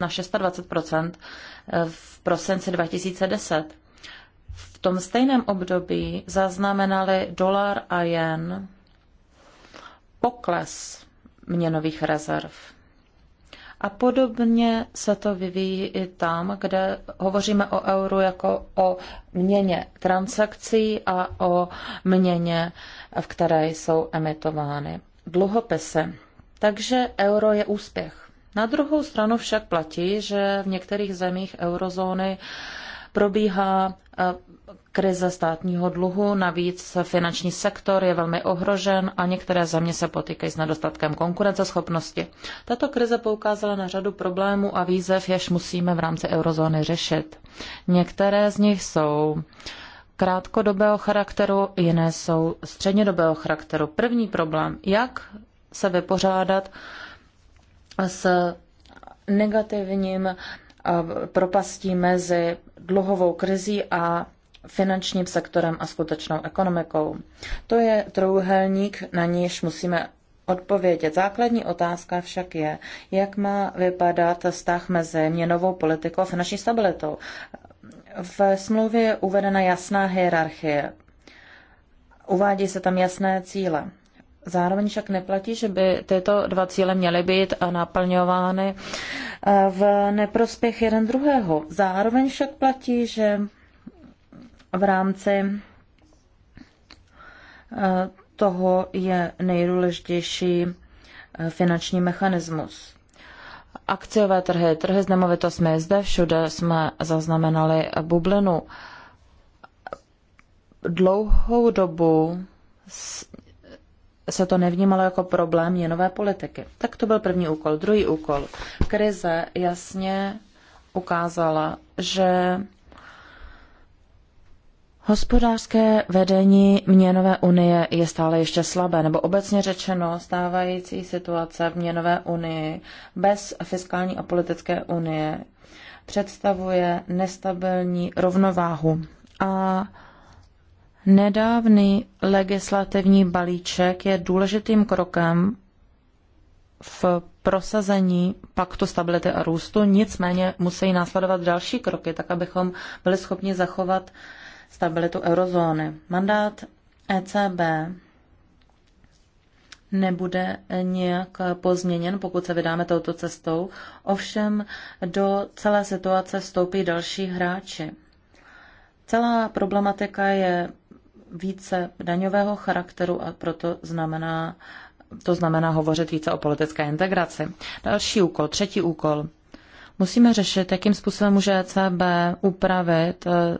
na 26 eh, v prosinci 2010. V tom stejném období zaznamenali dolar a jen pokles měnových rezerv. A podobně se to vyvíjí i tam, kde hovoříme o euru jako o měně transakcí a o měně, v které jsou emitovány dluhopisy. Takže euro je úspěch. Na druhou stranu však platí, že v některých zemích eurozóny probíhá e, krize státního dluhu, navíc finanční sektor je velmi ohrožen a některé země se potýkají s nedostatkem konkurenceschopnosti. Tato krize poukázala na řadu problémů a výzev, jež musíme v rámci eurozóny řešit. Některé z nich jsou krátkodobého charakteru, jiné jsou střednědobého charakteru. První problém, jak se vypořádat s negativním eh, propastí mezi dluhovou krizí a finančním sektorem a skutečnou ekonomikou. To je trouhelník, na níž musíme odpovědět. Základní otázka však je, jak má vypadat vztah mezi měnovou politikou a finanční stabilitou. V smlouvě je uvedena jasná hierarchie. Uvádí se tam jasné cíle. Zároveň však neplatí, že by tyto dva cíle měly být naplňovány eh, v neprospěch jeden druhého. Zároveň však platí, že v rámci eh, toho je nejdůležitější eh, finanční mechanismus. Akciové trhy, trhy s nemovitostmi, zde všude jsme zaznamenali bublinu. Dlouhou dobu se to nevnímalo jako problém měnové politiky. Tak to byl první úkol. Druhý úkol. Krize jasně ukázala, že Hospodářské vedení měnové unie je stále ještě slabé, nebo obecně řečeno stávající situace v měnové unii bez fiskální a politické unie představuje nestabilní rovnováhu a Nedávný legislativní balíček je důležitým krokem v prosazení paktu stability a růstu, nicméně musí následovat další kroky, tak abychom byli schopni zachovat stabilitu eurozóny. Mandát ECB nebude nějak pozměněn, pokud se vydáme touto cestou. Ovšem do celé situace vstoupí další hráči. Celá problematika je více daňového charakteru a proto znamená, to znamená hovořit více o politické integraci. Další úkol, třetí úkol. Musíme řešit, jakým způsobem může ECB upravit eh,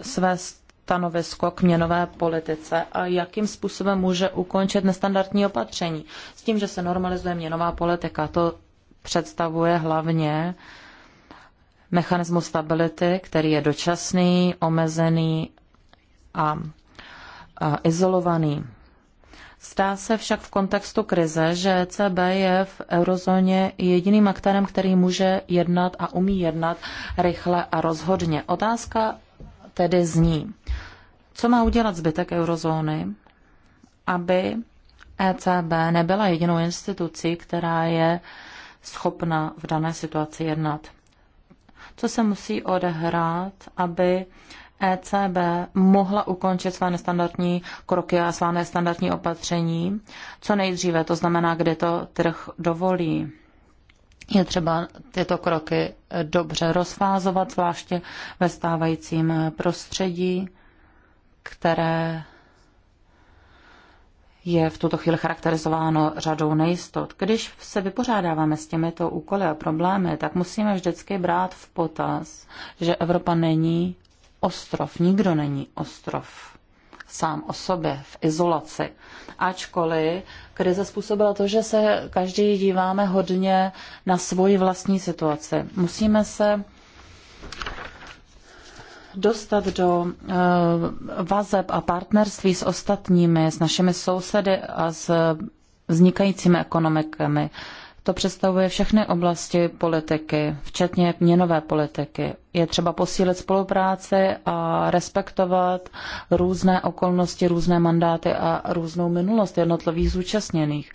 své stanovisko k měnové politice a jakým způsobem může ukončit nestandardní opatření. S tím, že se normalizuje měnová politika, to představuje hlavně mechanismus stability, který je dočasný, omezený a izolovaný. Stá se však v kontextu krize, že ECB je v eurozóně jediným aktérem, který může jednat a umí jednat rychle a rozhodně. Otázka tedy zní, co má udělat zbytek eurozóny, aby ECB nebyla jedinou institucí, která je schopna v dané situaci jednat. Co se musí odehrát, aby ECB mohla ukončit své nestandardní kroky a svá nestandardní opatření co nejdříve, to znamená, kdy to trh dovolí. Je třeba tyto kroky dobře rozfázovat, zvláště ve stávajícím prostředí, které je v tuto chvíli charakterizováno řadou nejistot. Když se vypořádáváme s těmito úkoly a problémy, tak musíme vždycky brát v potaz, že Evropa není ostrov. Nikdo není ostrov sám o sobě, v izolaci. Ačkoliv krize způsobila to, že se každý díváme hodně na svoji vlastní situaci. Musíme se dostat do eh, vazeb a partnerství s ostatními, s našimi sousedy a s vznikajícími ekonomikami. To představuje všechny oblasti politiky, včetně měnové politiky. Je třeba posílit spolupráci a respektovat různé okolnosti, různé mandáty a různou minulost jednotlivých zúčastněných.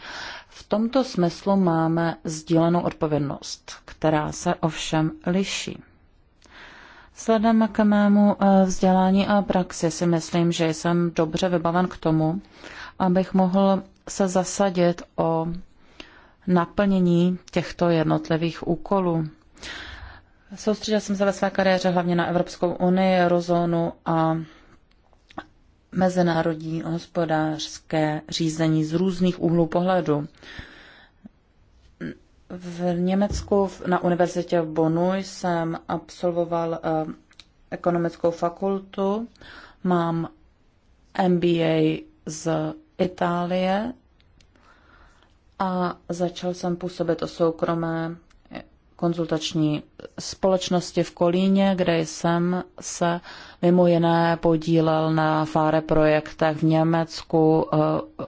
V tomto smyslu máme sdílenou odpovědnost, která se ovšem liší. Vzhledem k mému eh, vzdělání a praxi si myslím, že jsem dobře vybaven k tomu, abych mohl se zasadit o naplnění těchto jednotlivých úkolů. Soustředil jsem se ve své kariéře hlavně na Evropskou unii, eurozónu a mezinárodní hospodářské řízení z různých úhlů pohledu. V Německu na univerzitě v Bonu jsem absolvoval eh, ekonomickou fakultu, mám MBA z Itálie a začal jsem působit o soukromé konzultační společnosti v Kolíně, kde jsem se mimo jiné podílel na fáre projektech v Německu, eh,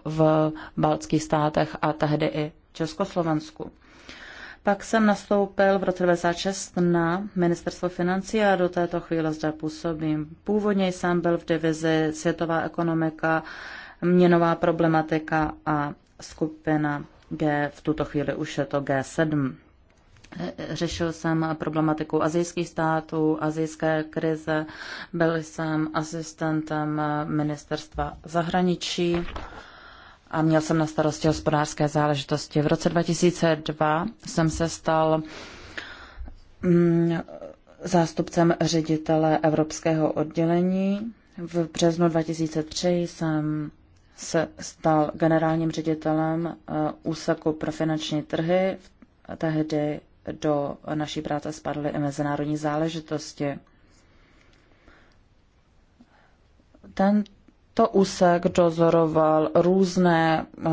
v baltských státech a tehdy i Československu. Pak jsem nastoupil v roce 2006 na ministerstvo financí a do této chvíle zde působím. Původně jsem byl v divizi světová ekonomika, měnová problematika a skupina G, v tuto chvíli už je to G7. Řešil jsem problematiku azijských států, azijské krize, byl jsem asistentem ministerstva zahraničí a měl jsem na starosti hospodářské záležitosti. V roce 2002 jsem se stal mm, zástupcem ředitele Evropského oddělení. V březnu 2003 jsem se stal generálním ředitelem eh, úseku pro finanční trhy. Tehdy do naší práce spadly i mezinárodní záležitosti. Tento úsek dozoroval různé eh,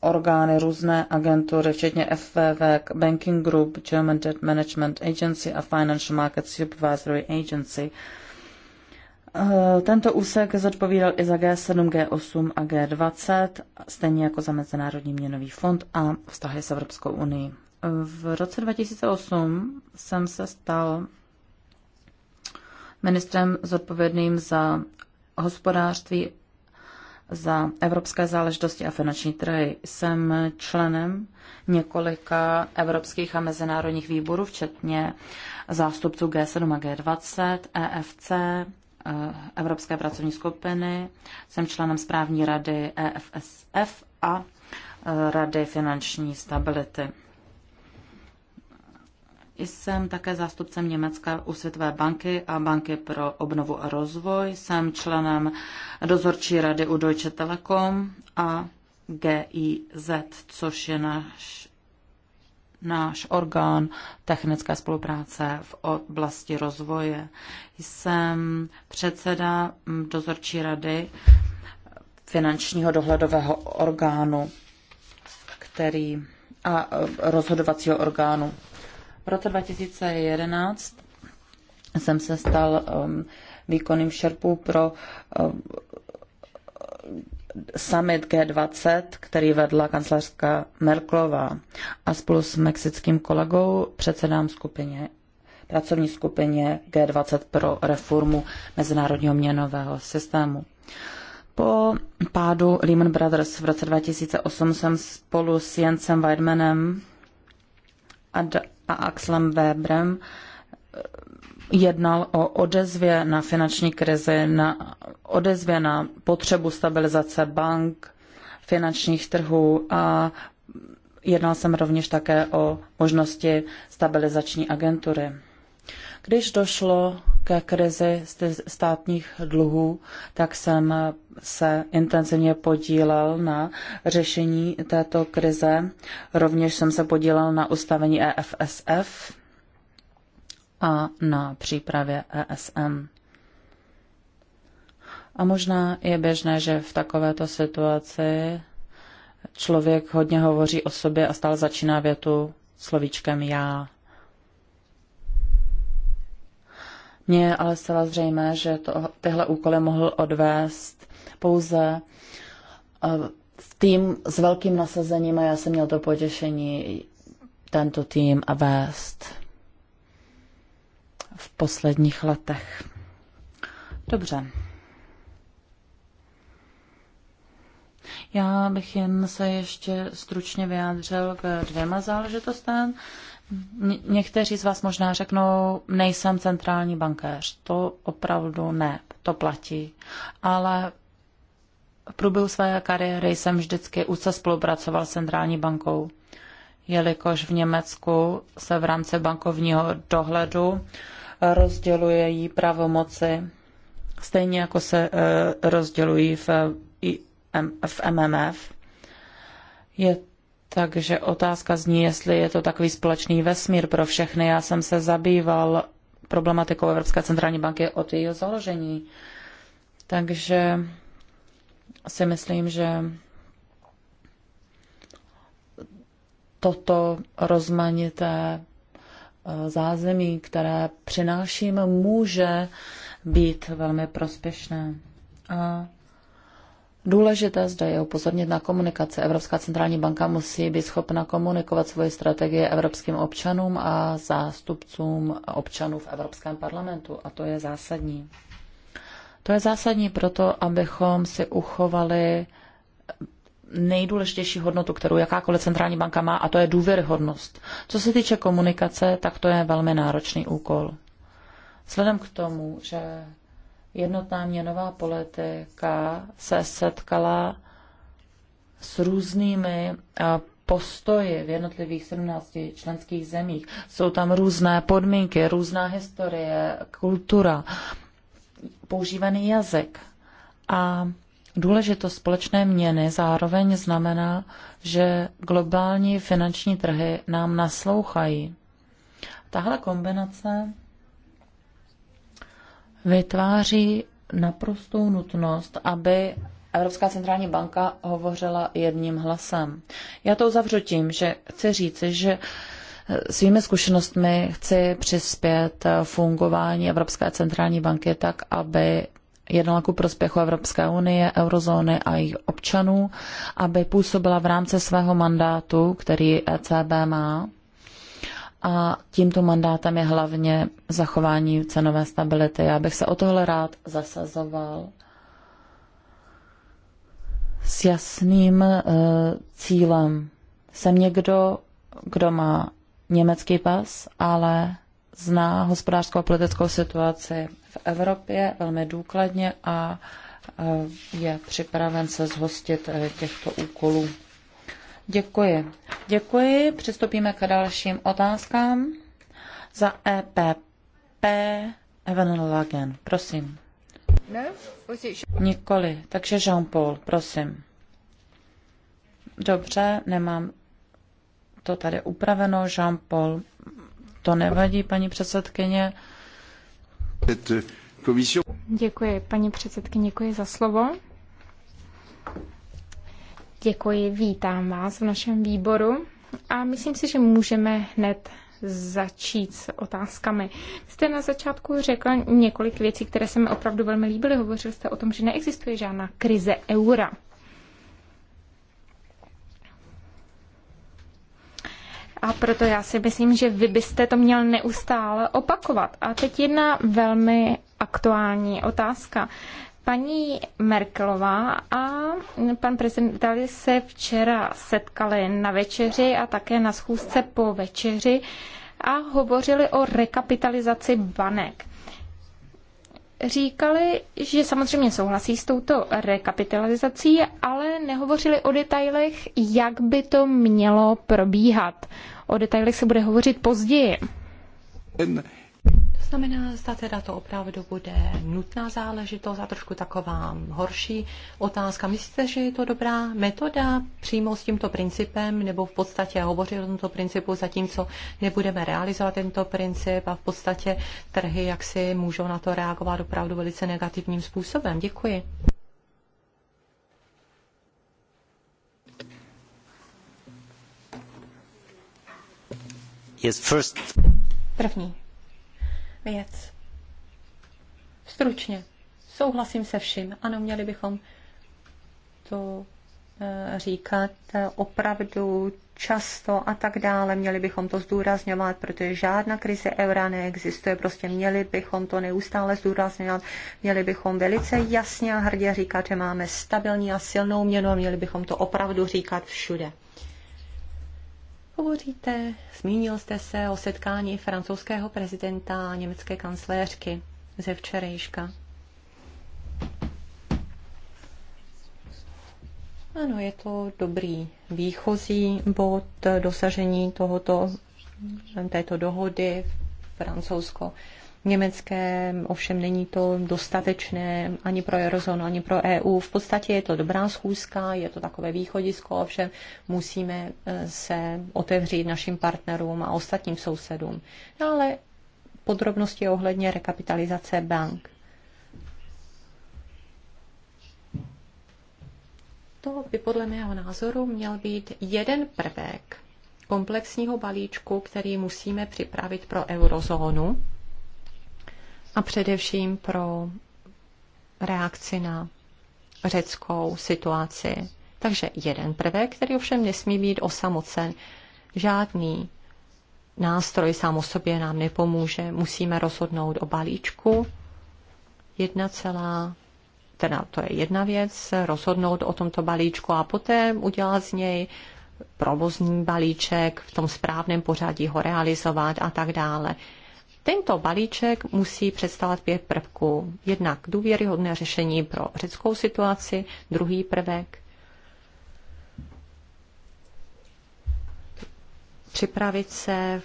orgány, různé agentury, včetně FVV, Banking Group, German Debt Management Agency a Financial Market Supervisory Agency. Eh, tento úsek zodpovídal i za G7, G8 a G20, stejně jako za Mezinárodní měnový fond a vztahy s Evropskou unii. V roce 2008 jsem se stal ministrem zodpovědným za hospodářství, za evropské záležitosti a finanční trhy. Jsem členem několika evropských a mezinárodních výborů, včetně zástupců G7 a G20, EFC, Eh, Evropské pracovní skupiny, jsem členem správní rady EFSF a eh, Rady finanční stability. Jsem také zástupcem Německa u Světové banky a Banky pro obnovu a rozvoj. Jsem členem dozorčí rady u Deutsche Telekom a GIZ, což je náš náš orgán technické spolupráce v oblasti rozvoje. Jsem předseda dozorčí rady finančního dohledového orgánu, který a e, rozhodovacího orgánu. V roce 2011 jsem se stal um, výkonným šerpu pro um, summit G20, který vedla kancelářská Merklová. A spolu s mexickým kolegou předsedám skupině, pracovní skupině G20 pro reformu mezinárodního měnového systému. Po pádu Lehman Brothers v roce 2008 jsem spolu s Jensem Weidmanem a, a Weberem Webrem jednal o odezvě na finanční krizi, na odezvě na potřebu stabilizace bank, finančních trhů a jednal jsem rovněž také o možnosti stabilizační agentury. Když došlo ke krizi státních dluhů, tak jsem se intenzivně podílel na řešení této krize. Rovněž jsem se podílel na ustavení EFSF, a na přípravě ESM. A možná je běžné, že v takovéto situaci člověk hodně hovoří o sobě a stále začíná větu slovíčkem já. Mně je ale zcela zřejmé, že to, tyhle úkoly mohl odvést pouze eh, tým s velkým nasazením a já jsem měl to potěšení tento tým a vést v posledních letech. Dobře. Já bych jen se ještě stručně vyjádřil k dvěma záležitostem. někteří z vás možná řeknou, nejsem centrální bankéř. To opravdu ne, to platí. Ale v průběhu své kariéry jsem vždycky úzce spolupracoval s centrální bankou, jelikož v Německu se v rámci bankovního dohledu rozděluje jí pravomoci, stejně jako se eh, rozdělují v, v MMF. Je takže otázka zní, jestli je to takový společný vesmír pro všechny. Já jsem se zabýval problematikou Evropské centrální banky od jejího založení. Takže si myslím, že toto rozmanité E, zázemí, které přináším, může být velmi prospěšné. A Důležité zde je upozornit na komunikaci. Evropská centrální banka musí být schopna komunikovat svoji strategie evropským občanům a zástupcům občanů v Evropském parlamentu a to je zásadní. To je zásadní proto, abychom si uchovali nejdůležitější hodnotu, kterou jakákoliv centrální banka má, a to je důvěryhodnost. Co se týče komunikace, tak to je velmi náročný úkol. Vzhledem k tomu, že jednotná měnová politika se setkala s různými eh, postoji v jednotlivých 17 členských zemích. Jsou tam různé podmínky, různá historie, kultura, používaný jazyk. A důležitost společné měny zároveň znamená, že globální finanční trhy nám naslouchají. Tahle kombinace vytváří naprostou nutnost, aby Evropská centrální banka hovořila jedním hlasem. Já to uzavřu tím, že chci říci, že eh, svými zkušenostmi chci přispět fungování Evropské centrální banky tak, aby jednala ku prospěchu Evropské unie, eurozóny a jejich občanů, aby působila v rámci svého mandátu, který ECB má. A tímto mandátem je hlavně zachování cenové stability. Já bych se o tohle rád zasazoval s jasným uh, cílem. Jsem někdo, kdo má německý pas, ale zná hospodářskou a politickou situaci v Evropě velmi důkladně a e, je připraven se zhostit e, těchto úkolů. Děkuji. Děkuji. Přistoupíme k dalším otázkám. Za EPP Evan Lagen. Prosím. No, Nikoli. Takže Jean-Paul, prosím. Dobře, nemám to tady upraveno. Jean-Paul to nevadí, paní předsedkyně. Děkuji, paní předsedkyně, děkuji za slovo. Děkuji, vítám vás v našem výboru a myslím si, že můžeme hned začít s otázkami. Jste na začátku řekl několik věcí, které se mi opravdu velmi líbily. Hovořil jste o tom, že neexistuje žádná krize eura. A proto já si myslím, že vy byste to měl neustále opakovat. A teď jedna velmi aktuální otázka. Paní Merkelová a pan prezident Dali se včera setkali na večeři a také na schůzce po večeři a hovořili o rekapitalizaci banek říkali, že samozřejmě souhlasí s touto rekapitalizací, ale nehovořili o detailech, jak by to mělo probíhat. O detailech se bude hovořit později znamená, zda teda to opravdu bude nutná záležitost a trošku taková horší otázka. Myslíte, že je to dobrá metoda přímo s tímto principem, nebo v podstatě hovořit o tomto principu, zatímco nebudeme realizovat tento princip a v podstatě trhy jak si můžou na to reagovat opravdu velice negativním způsobem? Děkuji. Yes, first. První věc. Stručně. Souhlasím se vším. Ano, měli bychom to eh, říkat eh, opravdu často a tak dále. Měli bychom to zdůrazňovat, protože žádná krize eura neexistuje. Prostě měli bychom to neustále zdůrazňovat. Měli bychom velice jasně a hrdě říkat, že máme stabilní a silnou měnu a měli bychom to opravdu říkat všude. Hovoříte, zmínil jste se o setkání francouzského prezidenta a německé kancléřky ze včerejška. Ano, je to dobrý výchozí bod dosažení tohoto, této dohody Francouzsko německé, ovšem není to dostatečné ani pro eurozónu, ani pro EU. V podstatě je to dobrá schůzka, je to takové východisko, ovšem musíme eh, se otevřít našim partnerům a ostatním sousedům. No ale podrobnosti ohledně rekapitalizace bank. To by podle mého názoru měl být jeden prvek komplexního balíčku, který musíme připravit pro eurozónu a především pro reakci na řeckou situaci. Takže jeden prvek, který ovšem nesmí být osamocen. Žádný nástroj sám o sobě nám nepomůže. Musíme rozhodnout o balíčku. Jedna celá, teda to je jedna věc, rozhodnout o tomto balíčku a poté udělat z něj provozní balíček, v tom správném pořadí ho realizovat a tak dále. Tento balíček musí představovat pět prvků. Jednak důvěryhodné řešení pro řeckou situaci, druhý prvek připravit se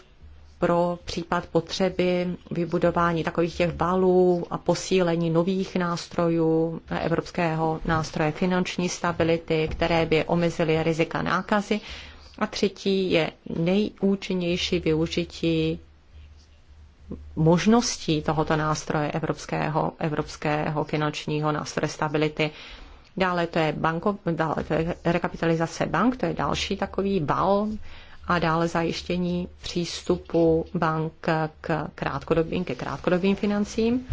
pro případ potřeby vybudování takových těch balů a posílení nových nástrojů evropského nástroje finanční stability, které by omezily rizika nákazy. A třetí je nejúčinnější využití možností tohoto nástroje evropského, evropského finančního nástroje stability. Dále to je, banko, dále to je rekapitalizace bank, to je další takový val a dále zajištění přístupu bank k krátkodobým, ke krátkodobým financím.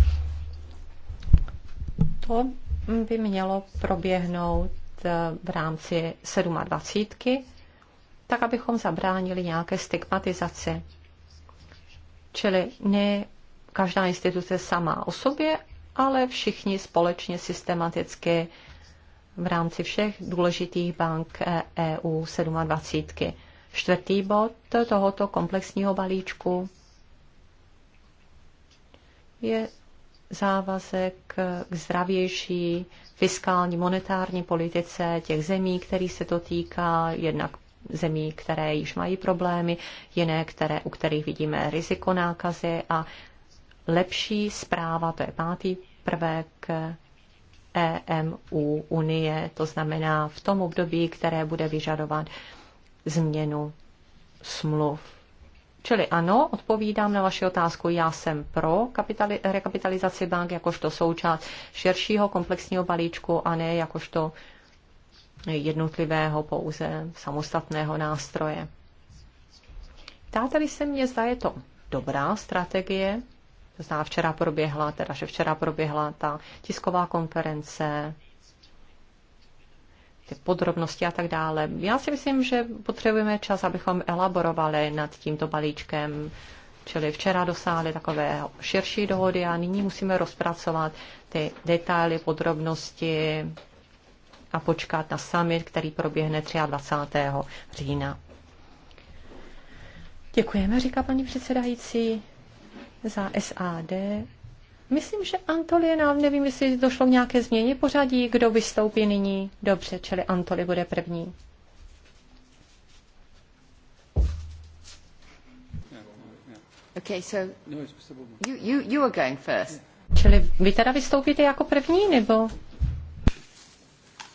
To by mělo proběhnout eh, v rámci 27, tak abychom zabránili nějaké stigmatizaci Čili ne každá instituce sama o sobě, ale všichni společně systematicky v rámci všech důležitých bank EU 27. Čtvrtý bod tohoto komplexního balíčku je závazek k zdravější fiskální monetární politice těch zemí, který se to týká, jednak zemí, které již mají problémy, jiné, které, u kterých vidíme riziko nákazy a lepší zpráva, to je pátý prvek EMU Unie, to znamená v tom období, které bude vyžadovat změnu smluv. Čili ano, odpovídám na vaši otázku. Já jsem pro kapitali- rekapitalizaci bank jakožto součást širšího komplexního balíčku a ne jakožto uh, jednotlivého pouze samostatného nástroje. Ptáte-li se mě, zda je to dobrá strategie, to zná včera proběhla, teda že včera proběhla ta tisková konference, ty podrobnosti a tak dále. Já si myslím, že potřebujeme čas, abychom elaborovali nad tímto balíčkem, čili včera dosáhli takové širší dohody a nyní musíme rozpracovat ty detaily, podrobnosti, a počkat na summit, který proběhne 23. října. Děkujeme, říká paní předsedající, za SAD. Myslím, že Antolie, nám, nevím, jestli došlo k nějaké změně pořadí, kdo vystoupí nyní. Dobře, čili Antoli bude první. Okay, so no, you, you, you are going first. Čili vy teda vystoupíte jako první, nebo?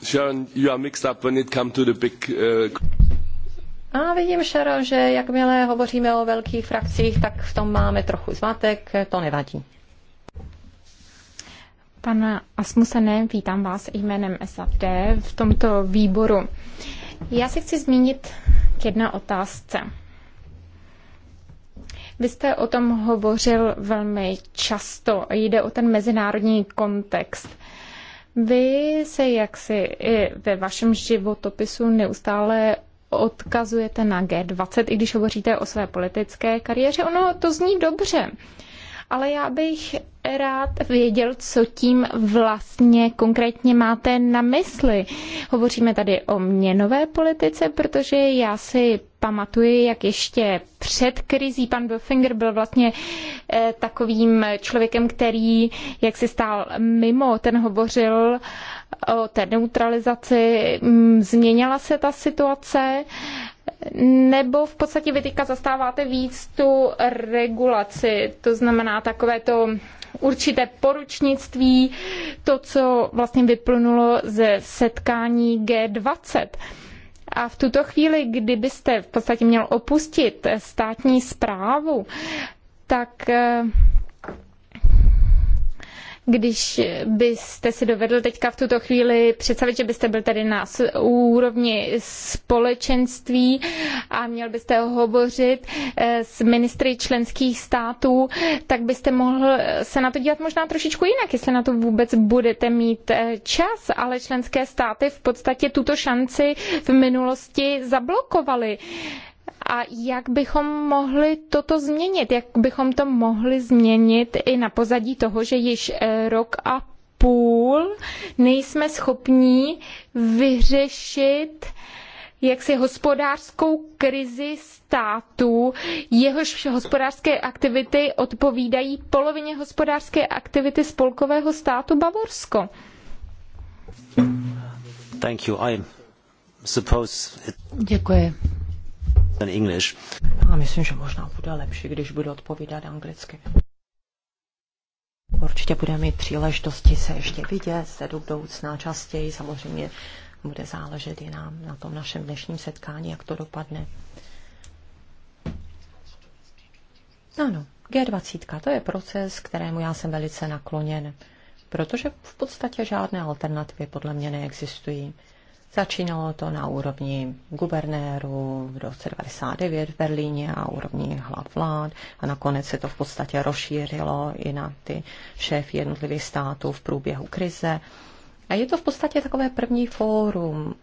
Sharon, you are mixed up when it to the big... Uh... A vidím, Sharon, že jakmile hovoříme o velkých frakcích, tak v tom máme trochu zmatek, to nevadí. Pana Asmusene, vítám vás jménem SAD v tomto výboru. Já se chci zmínit k jedné otázce. Vy jste o tom hovořil velmi často. Jde o ten mezinárodní kontext. Uh, vy se jaksi i ve vašem životopisu neustále odkazujete na G20, i když hovoříte o své politické kariéře. Ono to zní dobře ale já bych rád věděl, co tím vlastně konkrétně máte na mysli. Hovoříme tady o měnové politice, protože já si pamatuji, jak ještě před krizí pan Böfinger byl vlastně eh, takovým člověkem, který jak si stál mimo, ten hovořil o té neutralizaci, mm, změnila se ta situace, nebo v podstatě vy teďka zastáváte víc tu regulaci, to znamená takové to určité poručnictví, to, co vlastně vyplnulo ze setkání G20. A v tuto chvíli, kdybyste v podstatě měl opustit státní správu, tak eh, když byste si dovedl teďka v tuto chvíli představit, že byste byl tady na úrovni společenství a měl byste hovořit eh, s ministry členských států, tak byste mohl se na to dívat možná trošičku jinak, jestli na to vůbec budete mít eh, čas, ale členské státy v podstatě tuto šanci v minulosti zablokovaly a jak bychom mohli toto změnit? Jak bychom to mohli změnit i na pozadí toho, že již eh, rok a půl nejsme schopní vyřešit jaksi hospodářskou krizi státu, jehož hospodářské aktivity odpovídají polovině hospodářské aktivity spolkového státu Bavorsko. Thank you. I suppose it... Děkuji. English. A myslím, že možná bude lepší, když budu odpovídat anglicky. Určitě budeme mít příležitosti se ještě vidět, se do budoucna častěji. Samozřejmě bude záležet i nám na tom našem dnešním setkání, jak to dopadne. Ano, G20, to je proces, kterému já jsem velice nakloněn, protože v podstatě žádné alternativy podle mě neexistují. Začínalo to na úrovni guvernéru v roce 1999 v Berlíně a úrovni hlav vlád a nakonec se to v podstatě rozšířilo i na ty šéfy jednotlivých států v průběhu krize. A je to v podstatě takové první fórum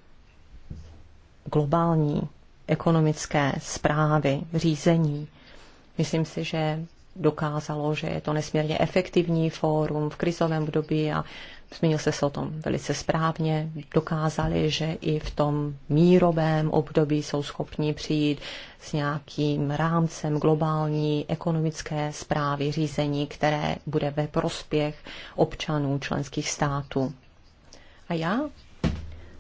globální ekonomické zprávy, řízení. Myslím si, že dokázalo, že je to nesmírně efektivní fórum v krizovém období a zmínil jste se o tom velice správně, dokázali, že i v tom mírovém období jsou schopni přijít s nějakým rámcem globální ekonomické zprávy řízení, které bude ve prospěch občanů členských států. A já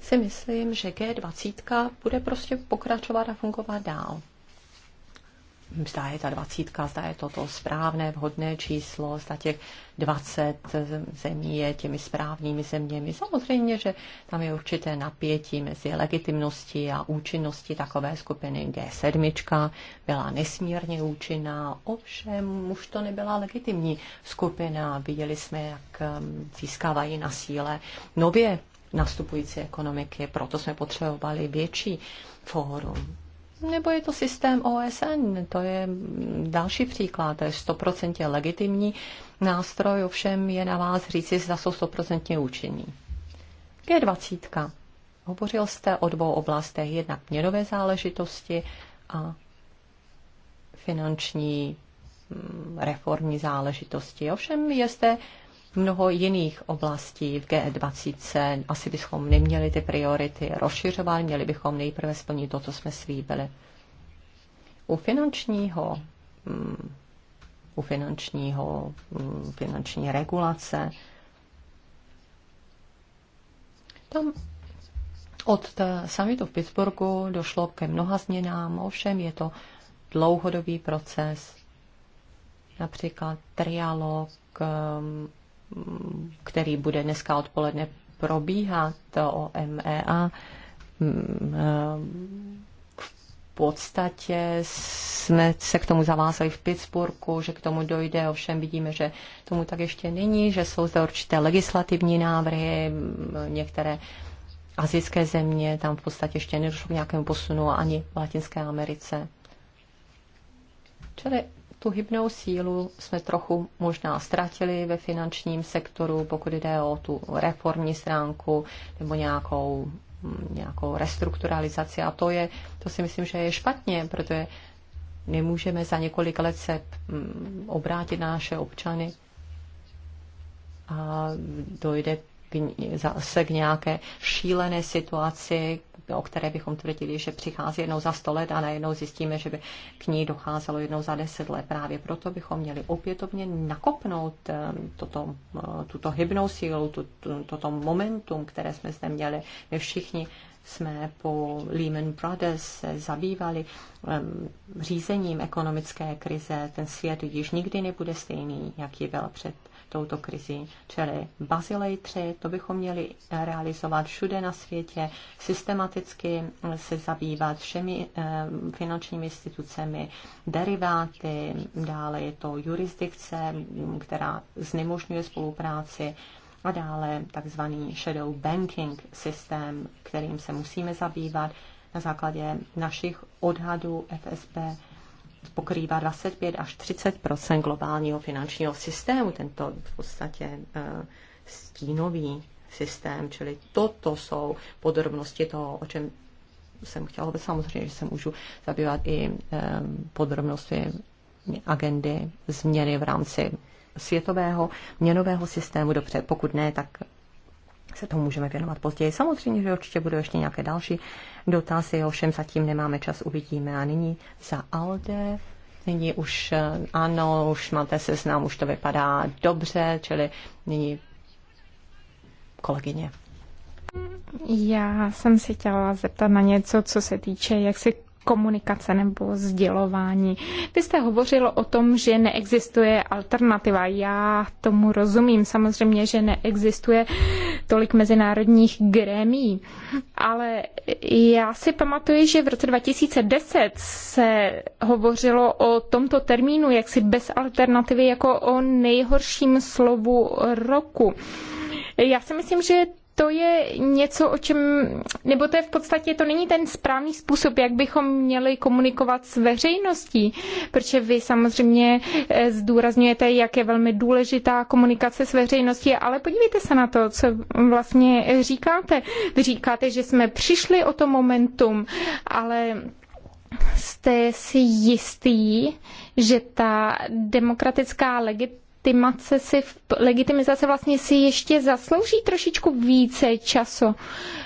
si myslím, že G20 bude prostě pokračovat a fungovat dál zda je ta dvacítka, zda je toto správné, vhodné číslo, zda těch 20 zemí je těmi správnými zeměmi. Samozřejmě, že tam je určité napětí mezi legitimností a účinností takové skupiny G7. Byla nesmírně účinná, ovšem už to nebyla legitimní skupina. Viděli jsme, jak um, získávají na síle nově nastupující ekonomiky, proto jsme potřebovali větší fórum nebo je to systém OSN, to je mm, další příklad, to je stoprocentně legitimní nástroj, ovšem je na vás říci, zda jsou stoprocentně účinní. G20. Hovořil jste o dvou oblastech, jednak měnové záležitosti a finanční mm, reformní záležitosti. Ovšem je zde mnoho jiných oblastí v G20. Asi bychom neměli ty priority rozšiřovat, měli bychom nejprve splnit to, co jsme slíbili. U finančního, um, u finančního, um, finanční regulace, tam od samitu v Pittsburghu došlo ke mnoha změnám, ovšem je to dlouhodobý proces, například trialog, um, který bude dneska odpoledne probíhat o MEA, mm, eh, v podstatě jsme se k tomu zavázali v Pittsburghu, že k tomu dojde, ovšem vidíme, že tomu tak ještě není, že jsou zde určité legislativní návrhy, mm, některé azijské země, tam v podstatě ještě nedošlo k nějakému posunu ani v Latinské Americe. Čili tu hybnou sílu jsme trochu možná ztratili ve finančním sektoru, pokud jde o tu reformní stránku nebo nějakou, nějakou restrukturalizaci. A to, je, to si myslím, že je špatně, protože nemůžeme za několik let se mm, obrátit na naše občany a dojde k, zase k nějaké šílené situaci, o které bychom tvrdili, že přichází jednou za sto let a najednou zjistíme, že by k ní docházelo jednou za deset let. Právě proto bychom měli opětovně nakopnout eh, toto, eh, tuto hybnou sílu, tuto, toto momentum, které jsme zde měli my všichni jsme po Lehman Brothers se zabývali řízením ekonomické krize. Ten svět již nikdy nebude stejný, jaký byl před touto krizi. Čili Bazilej 3, to bychom měli realizovat všude na světě, systematicky se zabývat všemi finančními institucemi, deriváty, dále je to jurisdikce, která znemožňuje spolupráci a dále takzvaný shadow banking systém, kterým se musíme zabývat na základě našich odhadů FSB pokrývá 25 až 30 globálního finančního systému, tento v podstatě eh, stínový systém, čili toto jsou podrobnosti toho, o čem jsem chtěla, ale samozřejmě, že se můžu zabývat i eh, podrobnosti agendy změny v rámci světového měnového systému dobře. Pokud ne, tak se tomu můžeme věnovat později. Samozřejmě, že určitě budou ještě nějaké další dotazy, ovšem zatím nemáme čas, uvidíme. A nyní za ALDE. Nyní už eh, ano, už máte seznam, už to vypadá dobře, čili nyní kolegyně. Já jsem si chtěla zeptat na něco, co se týče jaksi komunikace nebo sdělování. Vy jste hovořilo o tom, že neexistuje alternativa. Já tomu rozumím. Samozřejmě, že neexistuje tolik mezinárodních grémí. Ale já si pamatuju, že v roce 2010 se hovořilo o tomto termínu jaksi bez alternativy jako o nejhorším slovu roku. Já si myslím, že to je něco, o čem, nebo to je v podstatě, to není ten správný způsob, jak bychom měli komunikovat s veřejností, protože vy samozřejmě eh, zdůrazňujete, jak je velmi důležitá komunikace s veřejností, ale podívejte se na to, co vlastně eh, říkáte. Vy říkáte, že jsme přišli o to momentum, ale jste si jistý, že ta demokratická legit legitimace si, legitimizace vlastně si ještě zaslouží trošičku více času.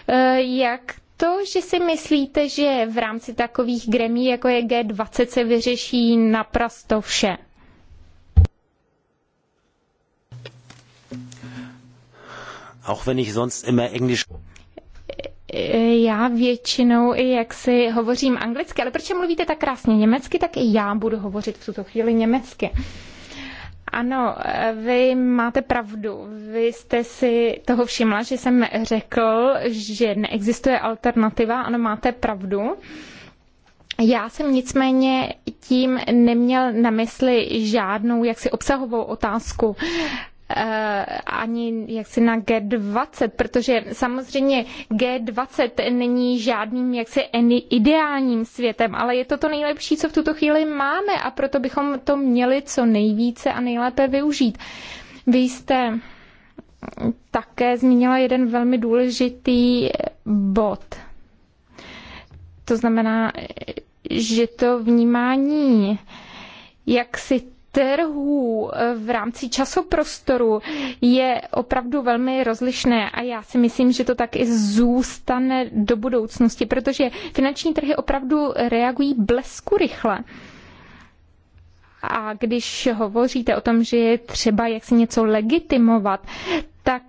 E, jak to, že si myslíte, že v rámci takových gremí, jako je G20, se vyřeší naprosto vše? Auch wenn ich sonst immer Englisch e, e, já většinou i jak si hovořím anglicky, ale proč mluvíte tak krásně německy, tak i já budu hovořit v tuto chvíli německy. Uh, ano, vy máte pravdu. Vy jste si toho všimla, že jsem řekl, že neexistuje alternativa. Ano, máte pravdu. Já jsem nicméně tím neměl na mysli žádnou jaksi obsahovou otázku. Eh, ani jaksi na G20, protože samozřejmě G20 není žádným jaksi ideálním světem, ale je to to nejlepší, co v tuto chvíli máme a proto bychom to měli co nejvíce a nejlépe využít. Vy jste také zmínila jeden velmi důležitý bod. To znamená, že to vnímání jak si trhů eh, v rámci časoprostoru je opravdu velmi rozlišné a já si myslím, že to tak i zůstane do budoucnosti, protože finanční trhy opravdu reagují blesku rychle. A když hovoříte o tom, že je třeba jak si něco legitimovat, tak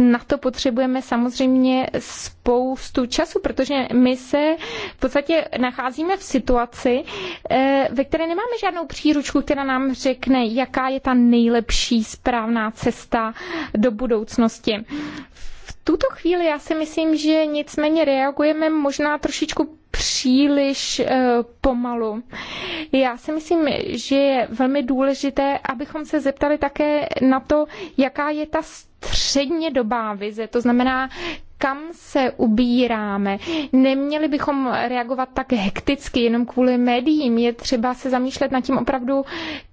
na to potřebujeme samozřejmě spoustu času, protože my se v podstatě nacházíme v situaci, eh, ve které nemáme žádnou příručku, která nám řekne, jaká je ta nejlepší správná cesta do budoucnosti. V tuto chvíli já si myslím, že nicméně reagujeme možná trošičku příliš eh, pomalu. Já si myslím, že je velmi důležité, abychom se zeptali také na to, jaká je ta střednědobá vize, to znamená, kam se ubíráme. Neměli bychom reagovat tak hekticky jenom kvůli médiím. Je třeba se zamýšlet nad tím opravdu,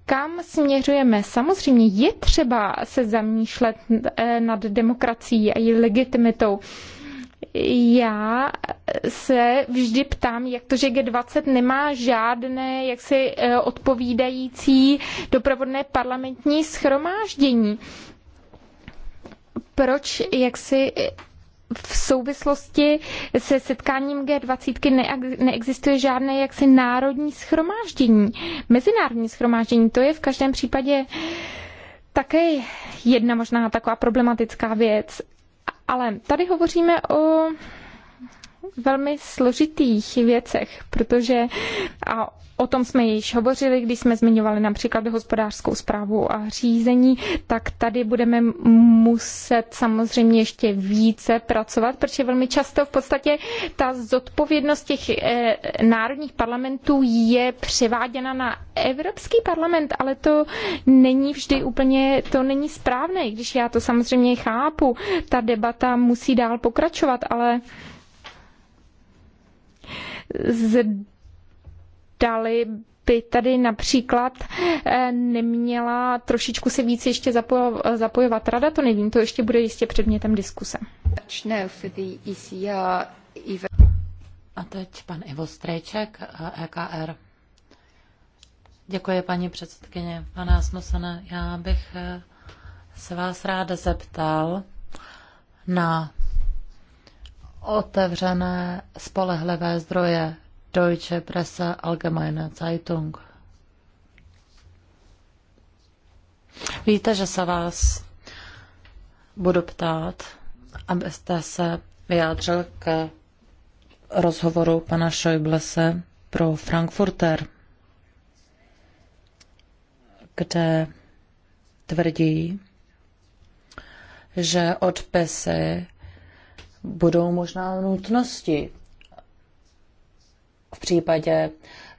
kam směřujeme. Samozřejmě je třeba se zamýšlet eh, nad demokracií a její legitimitou. Já se vždy ptám, jak to, že G20 nemá žádné jaksi eh, odpovídající doprovodné parlamentní schromáždění proč jak si v souvislosti se setkáním G20 neexistuje žádné jaksi národní schromáždění. Mezinárodní schromáždění, to je v každém případě také jedna možná taková problematická věc. Ale tady hovoříme o velmi složitých věcech, protože a o tom jsme již hovořili, když jsme zmiňovali například hospodářskou zprávu a řízení, tak tady budeme muset samozřejmě ještě více pracovat, protože velmi často v podstatě ta zodpovědnost těch eh, národních parlamentů je převáděna na Evropský parlament, ale to není vždy úplně, to není správné, když já to samozřejmě chápu, ta debata musí dál pokračovat, ale zdali by tady například eh, neměla trošičku se víc ještě zapojovat rada, to nevím, to ještě bude jistě předmětem diskuse. A teď pan Ivo Strejček, EKR. Děkuji, paní předsedkyně. Pane Asmusene, já bych eh, se vás ráda zeptal na otevřené spolehlivé zdroje Deutsche Presse Allgemeine Zeitung. Víte, že se vás budu ptát, abyste se vyjádřil k rozhovoru pana Schäublese pro Frankfurter, kde tvrdí, že odpisy budou možná nutnosti v případě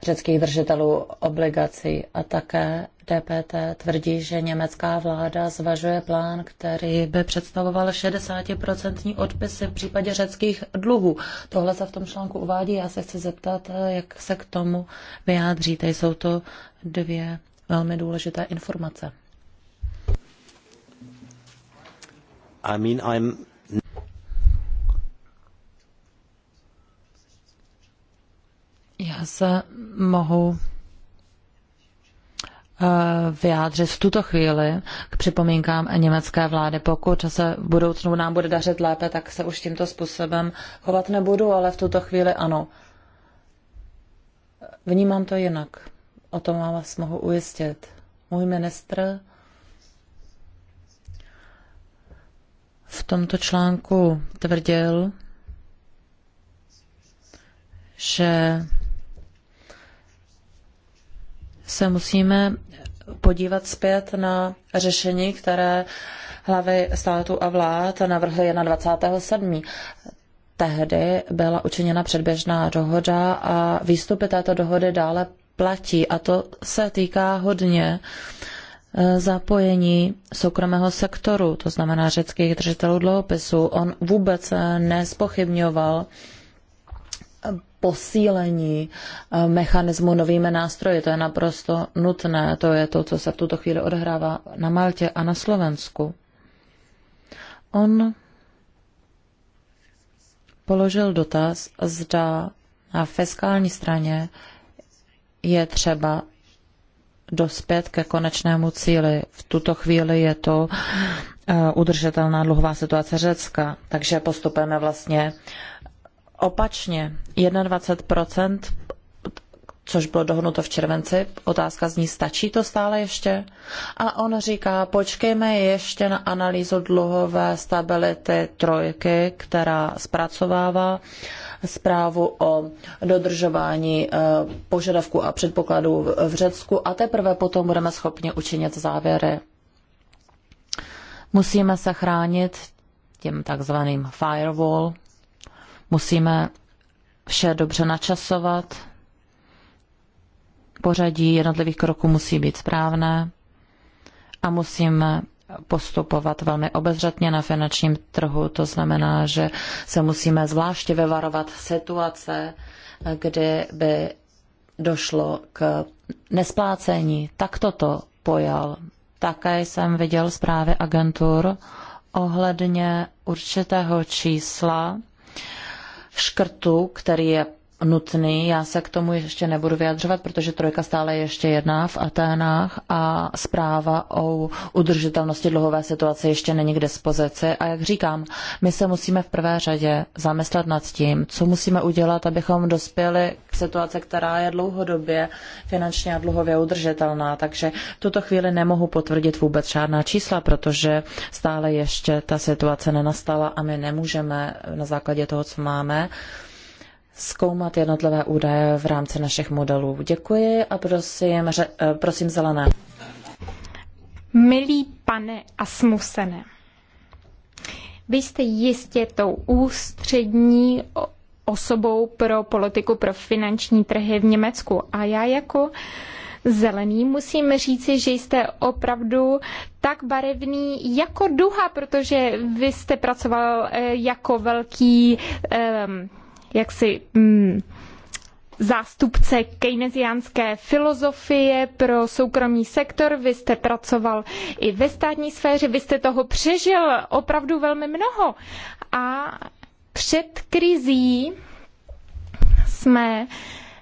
řeckých držitelů obligací a také DPT tvrdí, že německá vláda zvažuje plán, který by představoval 60% odpisy v případě řeckých dluhů. Tohle se v tom článku uvádí. Já se chci zeptat, jak se k tomu vyjádříte. Jsou to dvě velmi důležité informace. I mean, I'm Já se mohu eh, vyjádřit v tuto chvíli k připomínkám německé vlády. Pokud se v budoucnu nám bude dařit lépe, tak se už tímto způsobem chovat nebudu, ale v tuto chvíli ano. Vnímám to jinak. O tom vás mohu ujistit. Můj ministr v tomto článku tvrdil, že se musíme podívat zpět na řešení, které hlavy státu a vlád navrhly na 27. Tehdy byla učiněna předběžná dohoda a výstupy této dohody dále platí a to se týká hodně eh, zapojení soukromého sektoru, to znamená řeckých držitelů dluhopisů. On vůbec eh, nespochybňoval posílení eh, mechanismu novými nástroji. To je naprosto nutné. To je to, co se v tuto chvíli odehrává na Maltě a na Slovensku. On položil dotaz, zda na fiskální straně je třeba dospět ke konečnému cíli. V tuto chvíli je to eh, udržitelná dluhová situace Řecka, takže postupujeme vlastně opačně. 21%, což bylo dohodnuto v červenci, otázka ní stačí to stále ještě? A on říká, počkejme ještě na analýzu dluhové stability trojky, která zpracovává zprávu o dodržování eh, požadavků a předpokladů v Řecku a teprve potom budeme schopni učinit závěry. Musíme se chránit tím takzvaným firewall, Musíme vše dobře načasovat, pořadí jednotlivých kroků musí být správné a musíme postupovat velmi obezřetně na finančním trhu. To znamená, že se musíme zvláště vyvarovat situace, kdy by došlo k nesplácení. Tak toto pojal. Také jsem viděl zprávy agentur ohledně určitého čísla, škrtu, který je nutný. Já se k tomu ještě nebudu vyjadřovat, protože Trojka stále ještě jedná v Aténách a zpráva o udržitelnosti dluhové situace ještě není k dispozici. A jak říkám, my se musíme v prvé řadě zamyslet nad tím, co musíme udělat, abychom dospěli k situaci, která je dlouhodobě finančně a dluhově udržitelná. Takže v tuto chvíli nemohu potvrdit vůbec žádná čísla, protože stále ještě ta situace nenastala a my nemůžeme na základě toho, co máme, zkoumat jednotlivé údaje v rámci našich modelů. Děkuji a prosím, ře, eh, prosím zelené. Milý pane Asmusene, vy jste jistě tou ústřední osobou pro politiku pro finanční trhy v Německu a já jako zelený, musím říci, že jste opravdu tak barevný jako duha, protože vy jste pracoval eh, jako velký um, jaksi mm, zástupce keynesiánské filozofie pro soukromý sektor, vy jste pracoval i ve státní sféře, vy jste toho přežil opravdu velmi mnoho. A před krizí jsme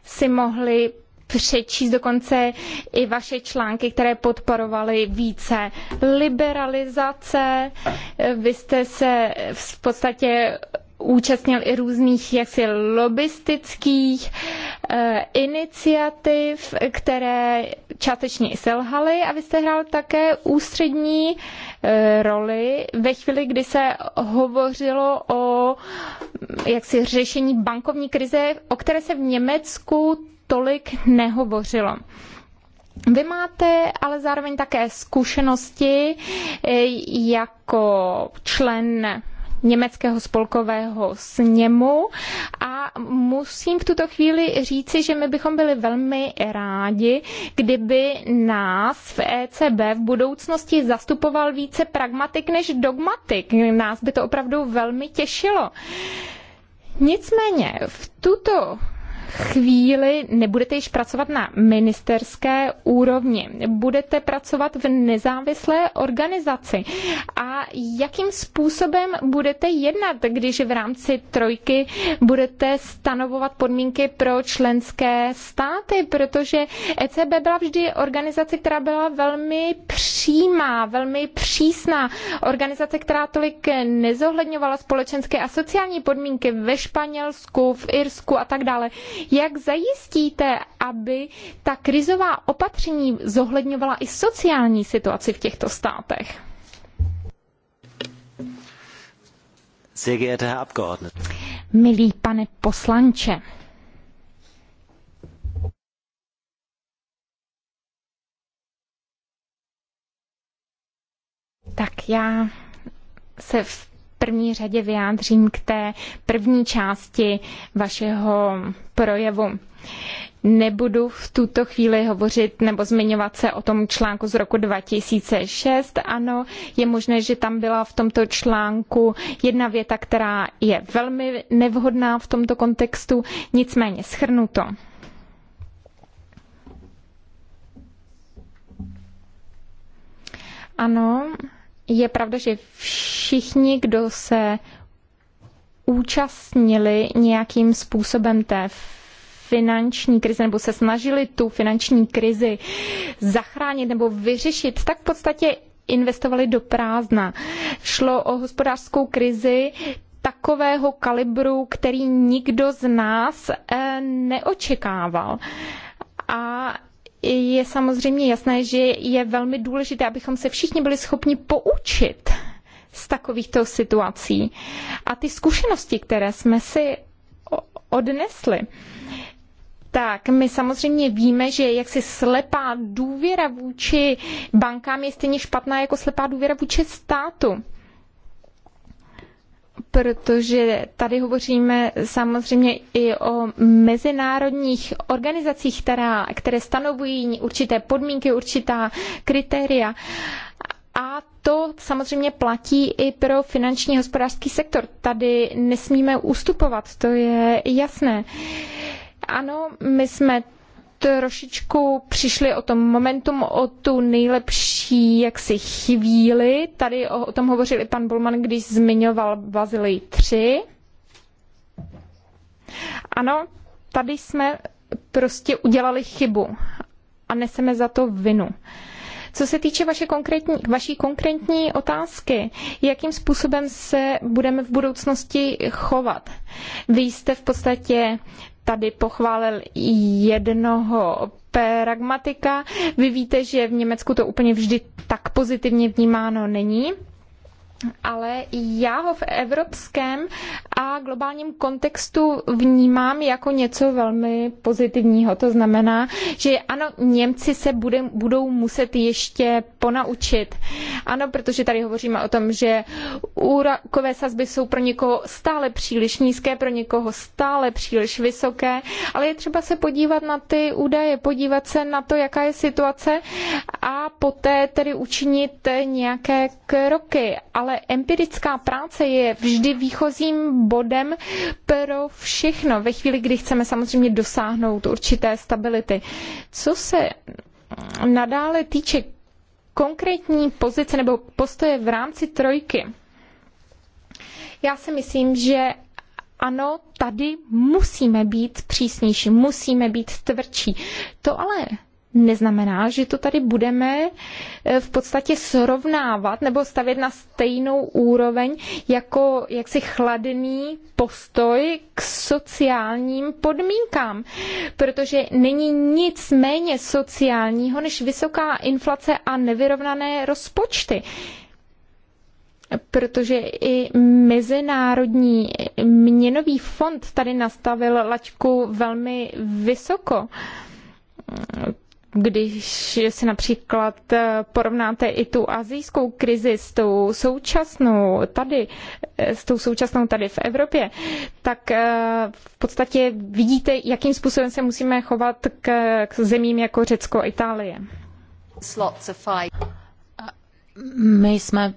si mohli přečíst dokonce i vaše články, které podporovaly více liberalizace. Vy jste se v podstatě účastnil i různých jaksi lobistických e, iniciativ, které částečně i selhaly a vy jste hrál také ústřední e, roli ve chvíli, kdy se hovořilo o mm, jaksi řešení bankovní krize, o které se v Německu tolik nehovořilo. Vy máte ale zároveň také zkušenosti eh, jako člen německého spolkového sněmu a musím v tuto chvíli říci, že my bychom byli velmi rádi, kdyby nás v ECB v budoucnosti zastupoval více pragmatik než dogmatik. Nás by to opravdu velmi těšilo. Nicméně v tuto chvíli nebudete již pracovat na ministerské úrovni, budete pracovat v nezávislé organizaci. A jakým způsobem budete jednat, když v rámci trojky budete stanovovat podmínky pro členské státy, protože ECB byla vždy organizace, která byla velmi přímá, velmi přísná, organizace, která tolik nezohledňovala společenské a sociální podmínky ve Španělsku, v Irsku a tak dále. Jak zajistíte, aby ta krizová opatření zohledňovala i sociální situaci v těchto státech? Milý pane poslanče, tak já se v první řadě vyjádřím k té první části vašeho projevu. Nebudu v tuto chvíli hovořit nebo zmiňovat se o tom článku z roku 2006. Ano, je možné, že tam byla v tomto článku jedna věta, která je velmi nevhodná v tomto kontextu, nicméně schrnuto. Ano, je pravda, že všichni, kdo se účastnili nějakým způsobem té finanční krize nebo se snažili tu finanční krizi zachránit nebo vyřešit, tak v podstatě investovali do prázdna. Šlo o hospodářskou krizi takového kalibru, který nikdo z nás eh, neočekával. A je samozřejmě jasné, že je velmi důležité, abychom se všichni byli schopni poučit z takovýchto situací. A ty zkušenosti, které jsme si odnesli, tak my samozřejmě víme, že jaksi slepá důvěra vůči bankám je stejně špatná jako slepá důvěra vůči státu protože tady hovoříme samozřejmě i o mezinárodních organizacích, která, které stanovují určité podmínky, určitá kritéria. A to samozřejmě platí i pro finanční hospodářský sektor. Tady nesmíme ustupovat, to je jasné. Ano, my jsme trošičku přišli o tom momentum, o tu nejlepší jaksi chvíli. Tady o, o tom hovořil i pan Bulman, když zmiňoval Bazilej 3. Ano, tady jsme prostě udělali chybu a neseme za to vinu. Co se týče vaše konkrétní, vaší konkrétní otázky, jakým způsobem se budeme v budoucnosti chovat? Vy jste v podstatě tady pochválil jednoho pragmatika. Vy víte, že v Německu to úplně vždy tak pozitivně vnímáno není ale já ho v evropském a globálním kontextu vnímám jako něco velmi pozitivního. To znamená, že ano, Němci se bude, budou muset ještě ponaučit. Ano, protože tady hovoříme o tom, že úrokové sazby jsou pro někoho stále příliš nízké, pro někoho stále příliš vysoké, ale je třeba se podívat na ty údaje, podívat se na to, jaká je situace a poté tedy učinit nějaké kroky. Ale ale empirická práce je vždy výchozím bodem pro všechno, ve chvíli, kdy chceme samozřejmě dosáhnout určité stability. Co se nadále týče konkrétní pozice nebo postoje v rámci trojky, já si myslím, že ano, tady musíme být přísnější, musíme být tvrdší. To ale neznamená, že to tady budeme eh, v podstatě srovnávat nebo stavět na stejnou úroveň jako jaksi chladný postoj k sociálním podmínkám, protože není nic méně sociálního než vysoká inflace a nevyrovnané rozpočty protože i Mezinárodní měnový fond tady nastavil laťku velmi vysoko když si například eh, porovnáte i tu azijskou krizi s tou současnou tady, eh, s tou současnou tady v Evropě, tak eh, v podstatě vidíte, jakým způsobem se musíme chovat k, k zemím jako Řecko a Itálie. My jsme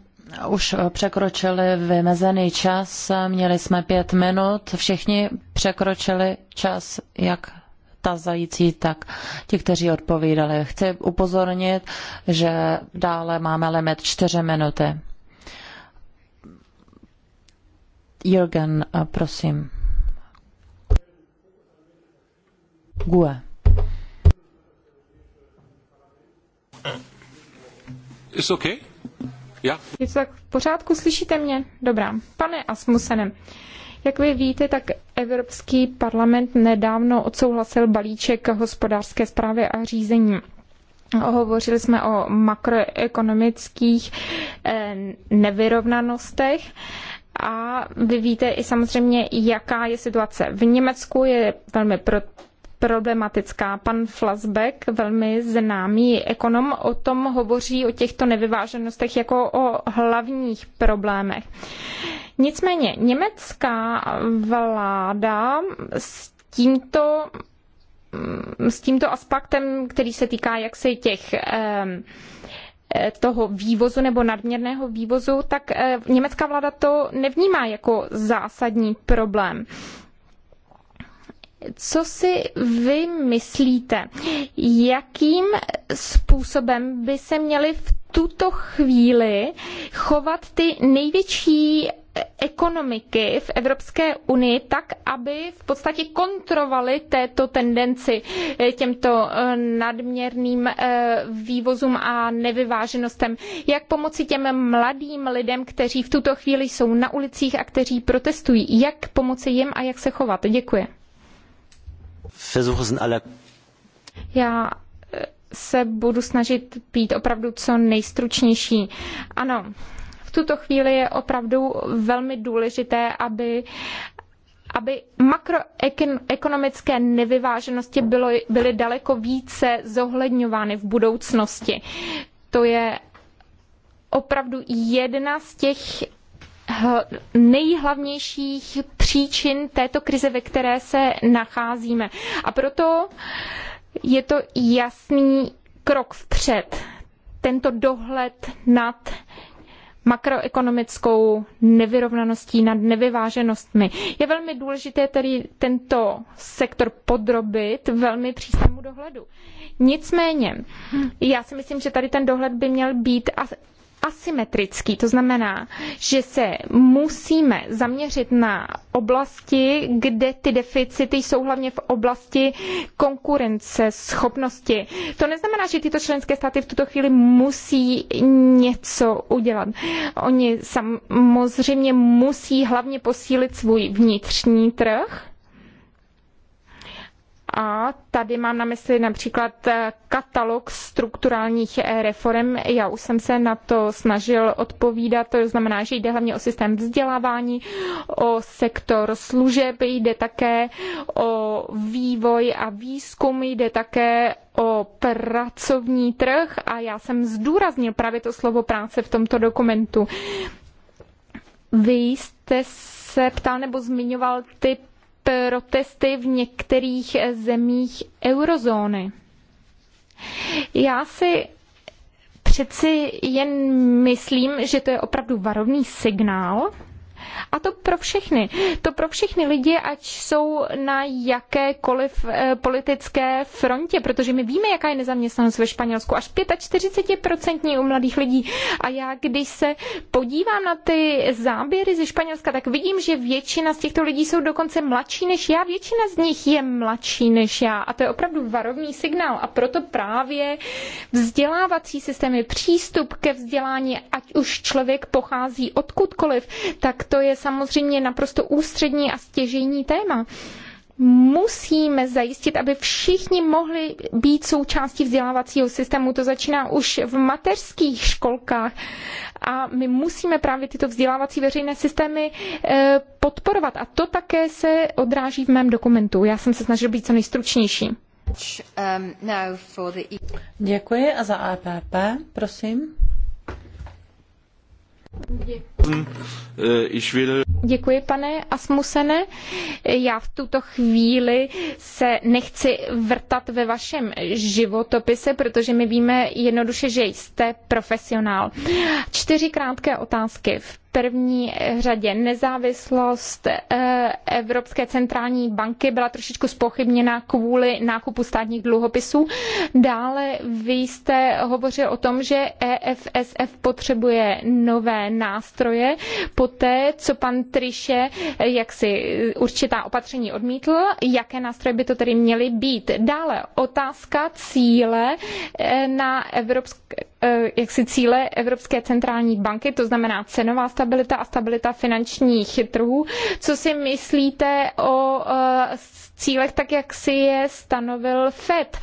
už překročili vymezený čas, měli jsme pět minut, všichni překročili čas, jak Tazající tak ti, kteří odpovídali. Chci upozornit, že dále máme limit čtyři minuty. Jürgen, prosím. GUE. It's okay. Yeah. Je to tak v pořádku, slyšíte mě? Dobrá. Pane Asmusenem, jak vy víte, tak Evropský parlament nedávno odsouhlasil balíček hospodářské zprávy a řízení. Hovořili jsme o makroekonomických eh, nevyrovnanostech a vy víte i samozřejmě, jaká je situace v Německu, je velmi pro problematická. Pan Flasbeck, velmi známý ekonom, o tom hovoří o těchto nevyváženostech jako o hlavních problémech. Nicméně německá vláda s tímto mm, s tímto aspektem, který se týká jaksi těch toho vývozu nebo nadměrného vývozu, tak eh, německá vláda to nevnímá jako zásadní problém. Co si vy myslíte, jakým způsobem by se měly v tuto chvíli chovat ty největší ekonomiky v Evropské unii tak, aby v podstatě kontrovaly této tendenci eh, těmto eh, nadměrným eh, vývozům a nevyváženostem. Jak pomoci těm mladým lidem, kteří v tuto chvíli jsou na ulicích a kteří protestují? Jak pomoci jim a jak se chovat? Děkuji. Já eh, se budu snažit být opravdu co nejstručnější. Ano, v tuto chvíli je opravdu velmi důležité, aby aby makroekonomické nevyváženosti bylo, byly daleko více zohledňovány v budoucnosti. To je opravdu jedna z těch nejhlavnějších příčin této krize, ve které se nacházíme. A proto je to jasný krok vpřed. Tento dohled nad makroekonomickou nevyrovnaností, nad nevyváženostmi. Je velmi důležité tedy tento sektor podrobit velmi přísnému dohledu. Nicméně, já si myslím, že tady ten dohled by měl být asymetrický. To znamená, že se musíme zaměřit na oblasti, kde ty deficity jsou hlavně v oblasti konkurence, schopnosti. To neznamená, že tyto členské státy v tuto chvíli musí něco udělat. Oni samozřejmě musí hlavně posílit svůj vnitřní trh, a tady mám na mysli například eh, katalog strukturálních eh, reform. Já už jsem se na to snažil odpovídat. To znamená, že jde hlavně o systém vzdělávání, o sektor služeb, jde také o vývoj a výzkum, jde také o pracovní trh a já jsem zdůraznil právě to slovo práce v tomto dokumentu. Vy jste se ptal nebo zmiňoval ty protesty v některých zemích eurozóny. Já si přeci jen myslím, že to je opravdu varovný signál, a to pro všechny. To pro všechny lidi, ať jsou na jakékoliv eh, politické frontě, protože my víme, jaká je nezaměstnanost ve Španělsku. Až 45% u mladých lidí. A já, když se podívám na ty záběry ze Španělska, tak vidím, že většina z těchto lidí jsou dokonce mladší než já. Většina z nich je mladší než já. A to je opravdu varovný signál. A proto právě vzdělávací systémy, přístup ke vzdělání, ať už člověk pochází odkudkoliv, tak to je samozřejmě naprosto ústřední a stěžejní téma musíme zajistit, aby všichni mohli být součástí vzdělávacího systému. To začíná už v mateřských školkách a my musíme právě tyto vzdělávací veřejné systémy e, podporovat a to také se odráží v mém dokumentu. Já jsem se snažil být co nejstručnější. Um, e- Děkuji a za APP, e prosím. Děkuji. pane Asmusene. Já v tuto chvíli se nechci vrtat ve vašem životopise, protože my víme jednoduše, že jste profesionál. Čtyři krátké otázky. V první řadě nezávislost eh, Evropské centrální banky byla trošičku spochybněna kvůli nákupu státních dluhopisů. Dále vy jste hovořil o tom, že EFSF potřebuje nové nástroje. Poté, co pan Triše eh, jaksi eh, určitá opatření odmítl, jaké nástroje by to tedy měly být? Dále otázka cíle na Evropské Eh, jaksi cíle Evropské centrální banky, to znamená cenová stabilita a stabilita finančních trhů. Co si myslíte o eh, cílech, tak jak si je stanovil FED.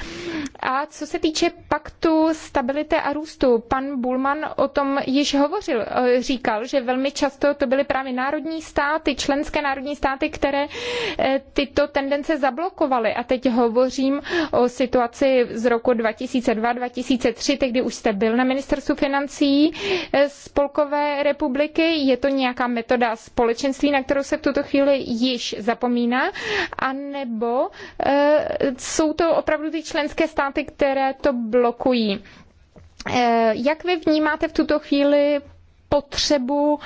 A co se týče paktu stability a růstu, pan Bulman o tom již hovořil, eh, říkal, že velmi často to byly právě národní státy, členské národní státy, které eh, tyto tendence zablokovaly. A teď hovořím o situaci z roku 2002-2003, tehdy už jste byl na ministerstvu financí eh, Spolkové republiky. Je to nějaká metoda společenství, na kterou se v tuto chvíli již zapomíná, a ne nebo eh, jsou to opravdu ty členské státy, které to blokují. Eh, jak vy vnímáte v tuto chvíli potřebu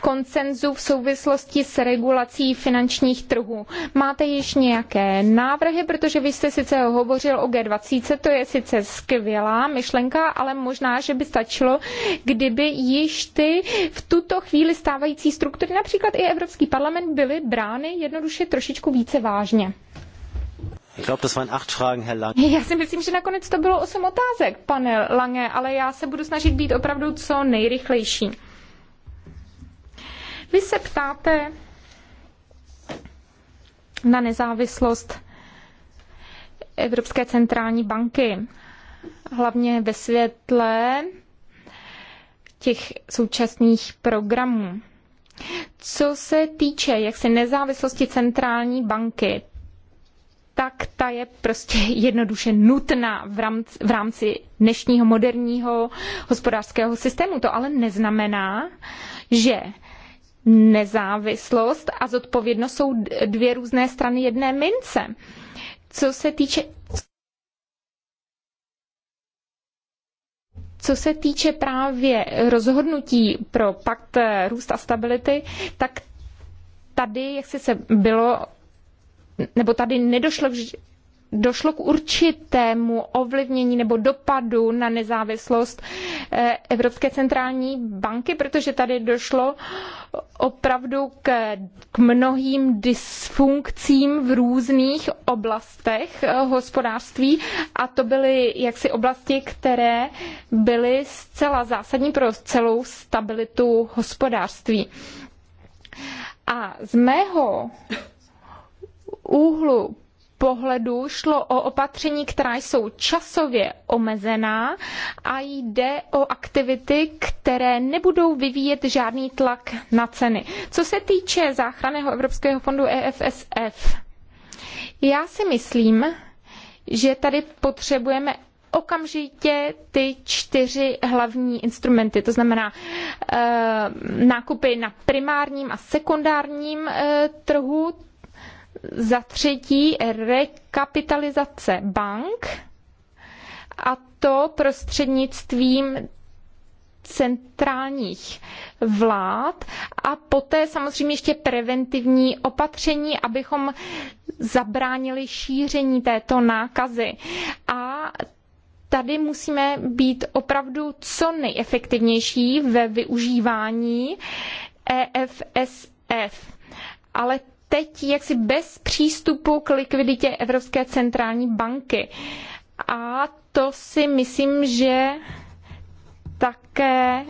koncenzu v souvislosti s regulací finančních trhů. Máte již nějaké návrhy, protože vy jste sice hovořil o G20, to je sice skvělá myšlenka, ale možná, že by stačilo, kdyby již ty v tuto chvíli stávající struktury, například i Evropský parlament, byly brány jednoduše trošičku více vážně. Já si myslím, že nakonec to bylo osm otázek, pane Lange, ale já se budu snažit být opravdu co nejrychlejší. Vy se ptáte na nezávislost Evropské centrální banky, hlavně ve světle těch současných programů. Co se týče jaksi nezávislosti centrální banky, tak ta je prostě jednoduše nutná v rámci, v rámci dnešního moderního hospodářského systému. To ale neznamená, že nezávislost a zodpovědnost jsou dvě různé strany jedné mince. Co se týče Co se týče právě rozhodnutí pro pakt růst a stability, tak tady, jak si se bylo nebo tady nedošlo k došlo k určitému ovlivnění nebo dopadu na nezávislost eh, Evropské centrální banky, protože tady došlo opravdu k, k mnohým dysfunkcím v různých oblastech eh, hospodářství a to byly jaksi oblasti, které byly zcela zásadní pro celou stabilitu hospodářství. A z mého úhlu pohledu šlo o opatření, která jsou časově omezená a jde o aktivity, které nebudou vyvíjet žádný tlak na ceny. Co se týče záchranného Evropského fondu EFSF, já si myslím, že tady potřebujeme okamžitě ty čtyři hlavní instrumenty, to znamená e, nákupy na primárním a sekundárním e, trhu, za třetí rekapitalizace bank a to prostřednictvím centrálních vlád a poté samozřejmě ještě preventivní opatření, abychom zabránili šíření této nákazy. A tady musíme být opravdu co nejefektivnější ve využívání EFSF. Ale teď jaksi bez přístupu k likviditě Evropské centrální banky. A to si myslím, že také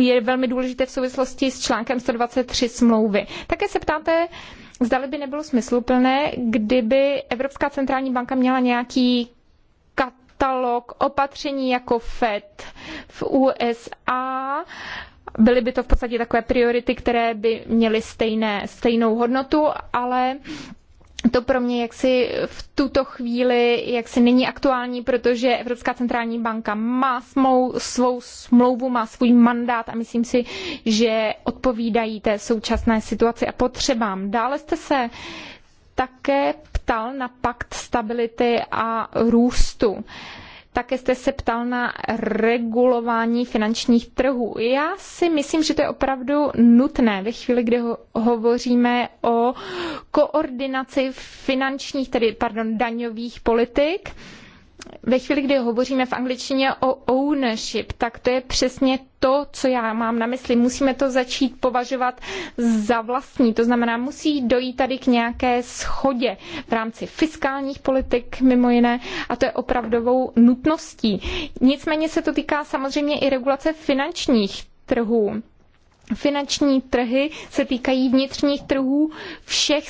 je velmi důležité v souvislosti s článkem 123 smlouvy. Také se ptáte, zda by nebylo smysluplné, kdyby Evropská centrální banka měla nějaký katalog opatření jako FED v USA, byly by to v podstatě takové priority, které by měly stejné, stejnou hodnotu, ale to pro mě jaksi v tuto chvíli jaksi není aktuální, protože Evropská centrální banka má smou, svou smlouvu, má svůj mandát a myslím si, že odpovídají té současné situaci a potřebám. Dále jste se také ptal na pakt stability a růstu. Uh, také jste se ptal na regulování finančních trhů. Já si myslím, že to je opravdu nutné ve chvíli, kdy ho- hovoříme o koordinaci finančních, tedy pardon, daňových politik ve chvíli, kdy hovoříme v angličtině o ownership, tak to je přesně to, co já mám na mysli. Musíme to začít považovat za vlastní. To znamená, musí dojít tady k nějaké schodě v rámci fiskálních politik mimo jiné a to je opravdovou nutností. Nicméně se to týká samozřejmě i regulace finančních trhů finanční trhy se týkají vnitřních trhů všech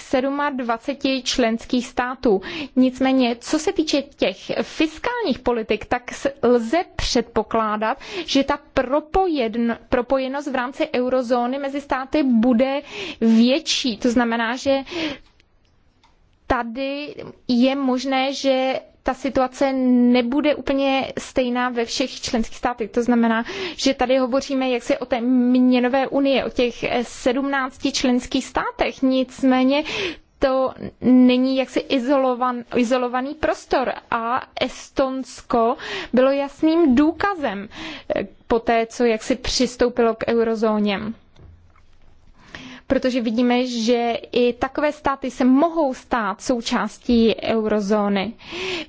27 členských států. Nicméně, co se týče těch fiskálních politik, tak lze předpokládat, že ta propojen, propojenost v rámci eurozóny mezi státy bude větší. To znamená, že tady je možné, že ta situace nebude úplně stejná ve všech členských státech. To znamená, že tady hovoříme jaksi o té měnové unii, o těch 17 členských státech. Nicméně to není jaksi izolovan, izolovaný prostor a Estonsko bylo jasným důkazem po té, co jaksi přistoupilo k eurozóně protože vidíme, že i takové státy se mohou stát součástí eurozóny.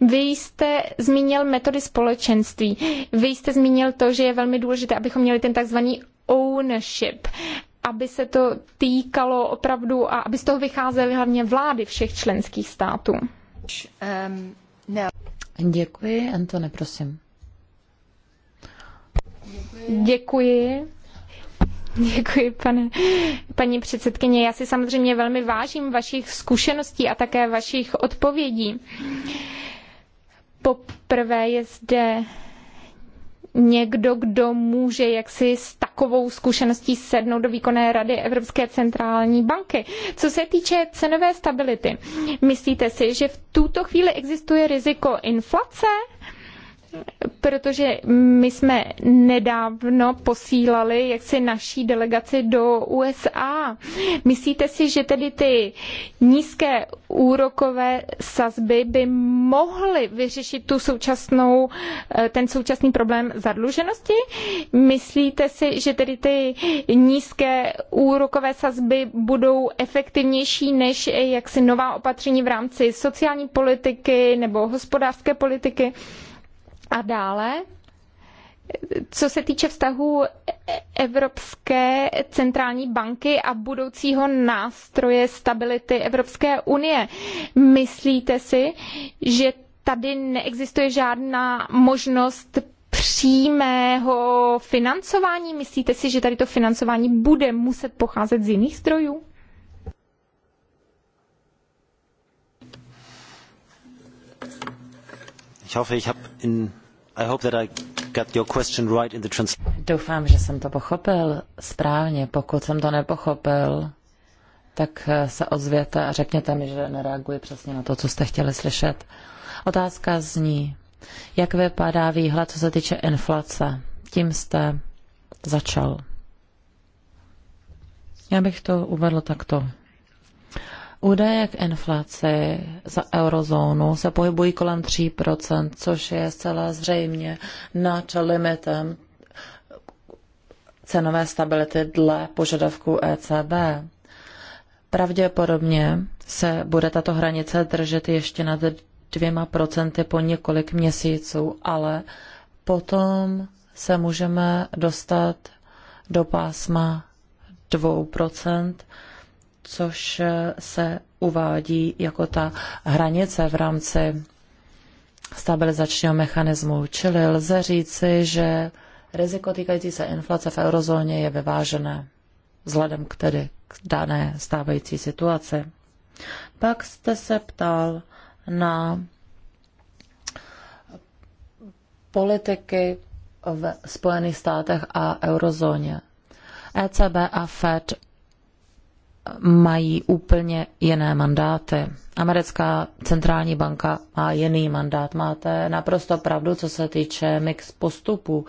Vy jste zmínil metody společenství. Vy jste zmínil to, že je velmi důležité, abychom měli ten takzvaný ownership, aby se to týkalo opravdu a aby z toho vycházely hlavně vlády všech členských států. Um, no. Děkuji, Antone, prosím. Děkuji. Děkuji. Děkuji, pane, paní předsedkyně. Já si samozřejmě velmi vážím vašich zkušeností a také vašich odpovědí. Poprvé je zde někdo, kdo může jaksi s takovou zkušeností sednout do výkonné rady Evropské centrální banky. Co se týče cenové stability, myslíte si, že v tuto chvíli existuje riziko inflace? protože my jsme nedávno posílali jaksi naší delegaci do USA. Myslíte si, že tedy ty nízké úrokové sazby by mohly vyřešit tu současnou, eh, ten současný problém zadluženosti? Myslíte si, že tedy ty nízké úrokové sazby budou efektivnější než eh, jaksi nová opatření v rámci sociální politiky nebo hospodářské politiky? A dále, co se týče vztahu Evropské centrální banky a budoucího nástroje stability Evropské unie, myslíte si, že tady neexistuje žádná možnost přímého financování? Myslíte si, že tady to financování bude muset pocházet z jiných zdrojů? Ich hoffe, ich habe in i hope that I got your question right in the Doufám, že jsem to pochopil správně. Pokud jsem to nepochopil, tak eh, se ozvěte a řekněte mi, že nereaguji přesně na to, co jste chtěli slyšet. Otázka zní, jak vypadá výhled, co se týče inflace? Tím jste začal. Já bych to uvedl takto. Údaje k inflaci za eurozónu se pohybují kolem 3%, což je zcela zřejmě nad limitem cenové stability dle požadavku ECB. Pravděpodobně se bude tato hranice držet ještě nad dvěma procenty po několik měsíců, ale potom se můžeme dostat do pásma 2%, což eh, se uvádí jako ta hranice v rámci stabilizačního mechanismu. Čili lze říci, že riziko týkající se inflace v eurozóně je vyvážené vzhledem k tedy k dané stávající situaci. Pak jste se ptal na politiky v Spojených státech a eurozóně. ECB a Fed mají úplně jiné mandáty. Americká centrální banka má jiný mandát. Máte naprosto pravdu, co se týče mix postupů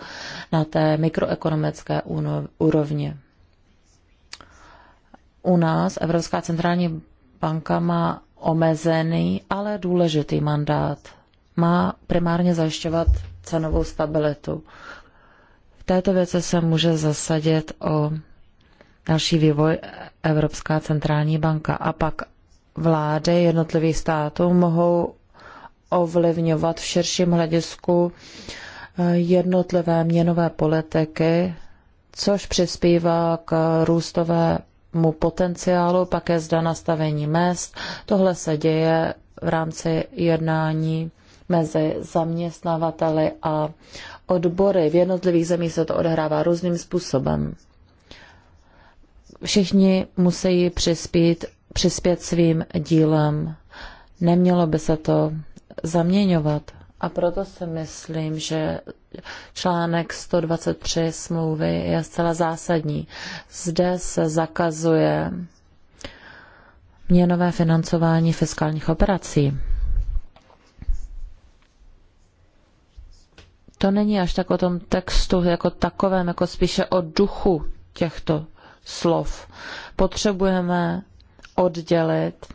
na té mikroekonomické úrovni. U nás Evropská centrální banka má omezený, ale důležitý mandát. Má primárně zajišťovat cenovou stabilitu. V této věci se může zasadit o další vývoj Evropská centrální banka. A pak vlády jednotlivých států mohou ovlivňovat v širším hledisku eh, jednotlivé měnové politiky, což přispívá k růstovému potenciálu, pak je zda nastavení mest. Tohle se děje v rámci jednání mezi zaměstnavateli a odbory. V jednotlivých zemích se to odehrává různým způsobem. Všichni musí přispět, přispět svým dílem. Nemělo by se to zaměňovat. A proto si myslím, že článek 123 smlouvy je zcela zásadní. Zde se zakazuje měnové financování fiskálních operací. To není až tak o tom textu jako takovém, jako spíše o duchu těchto slov. Potřebujeme oddělit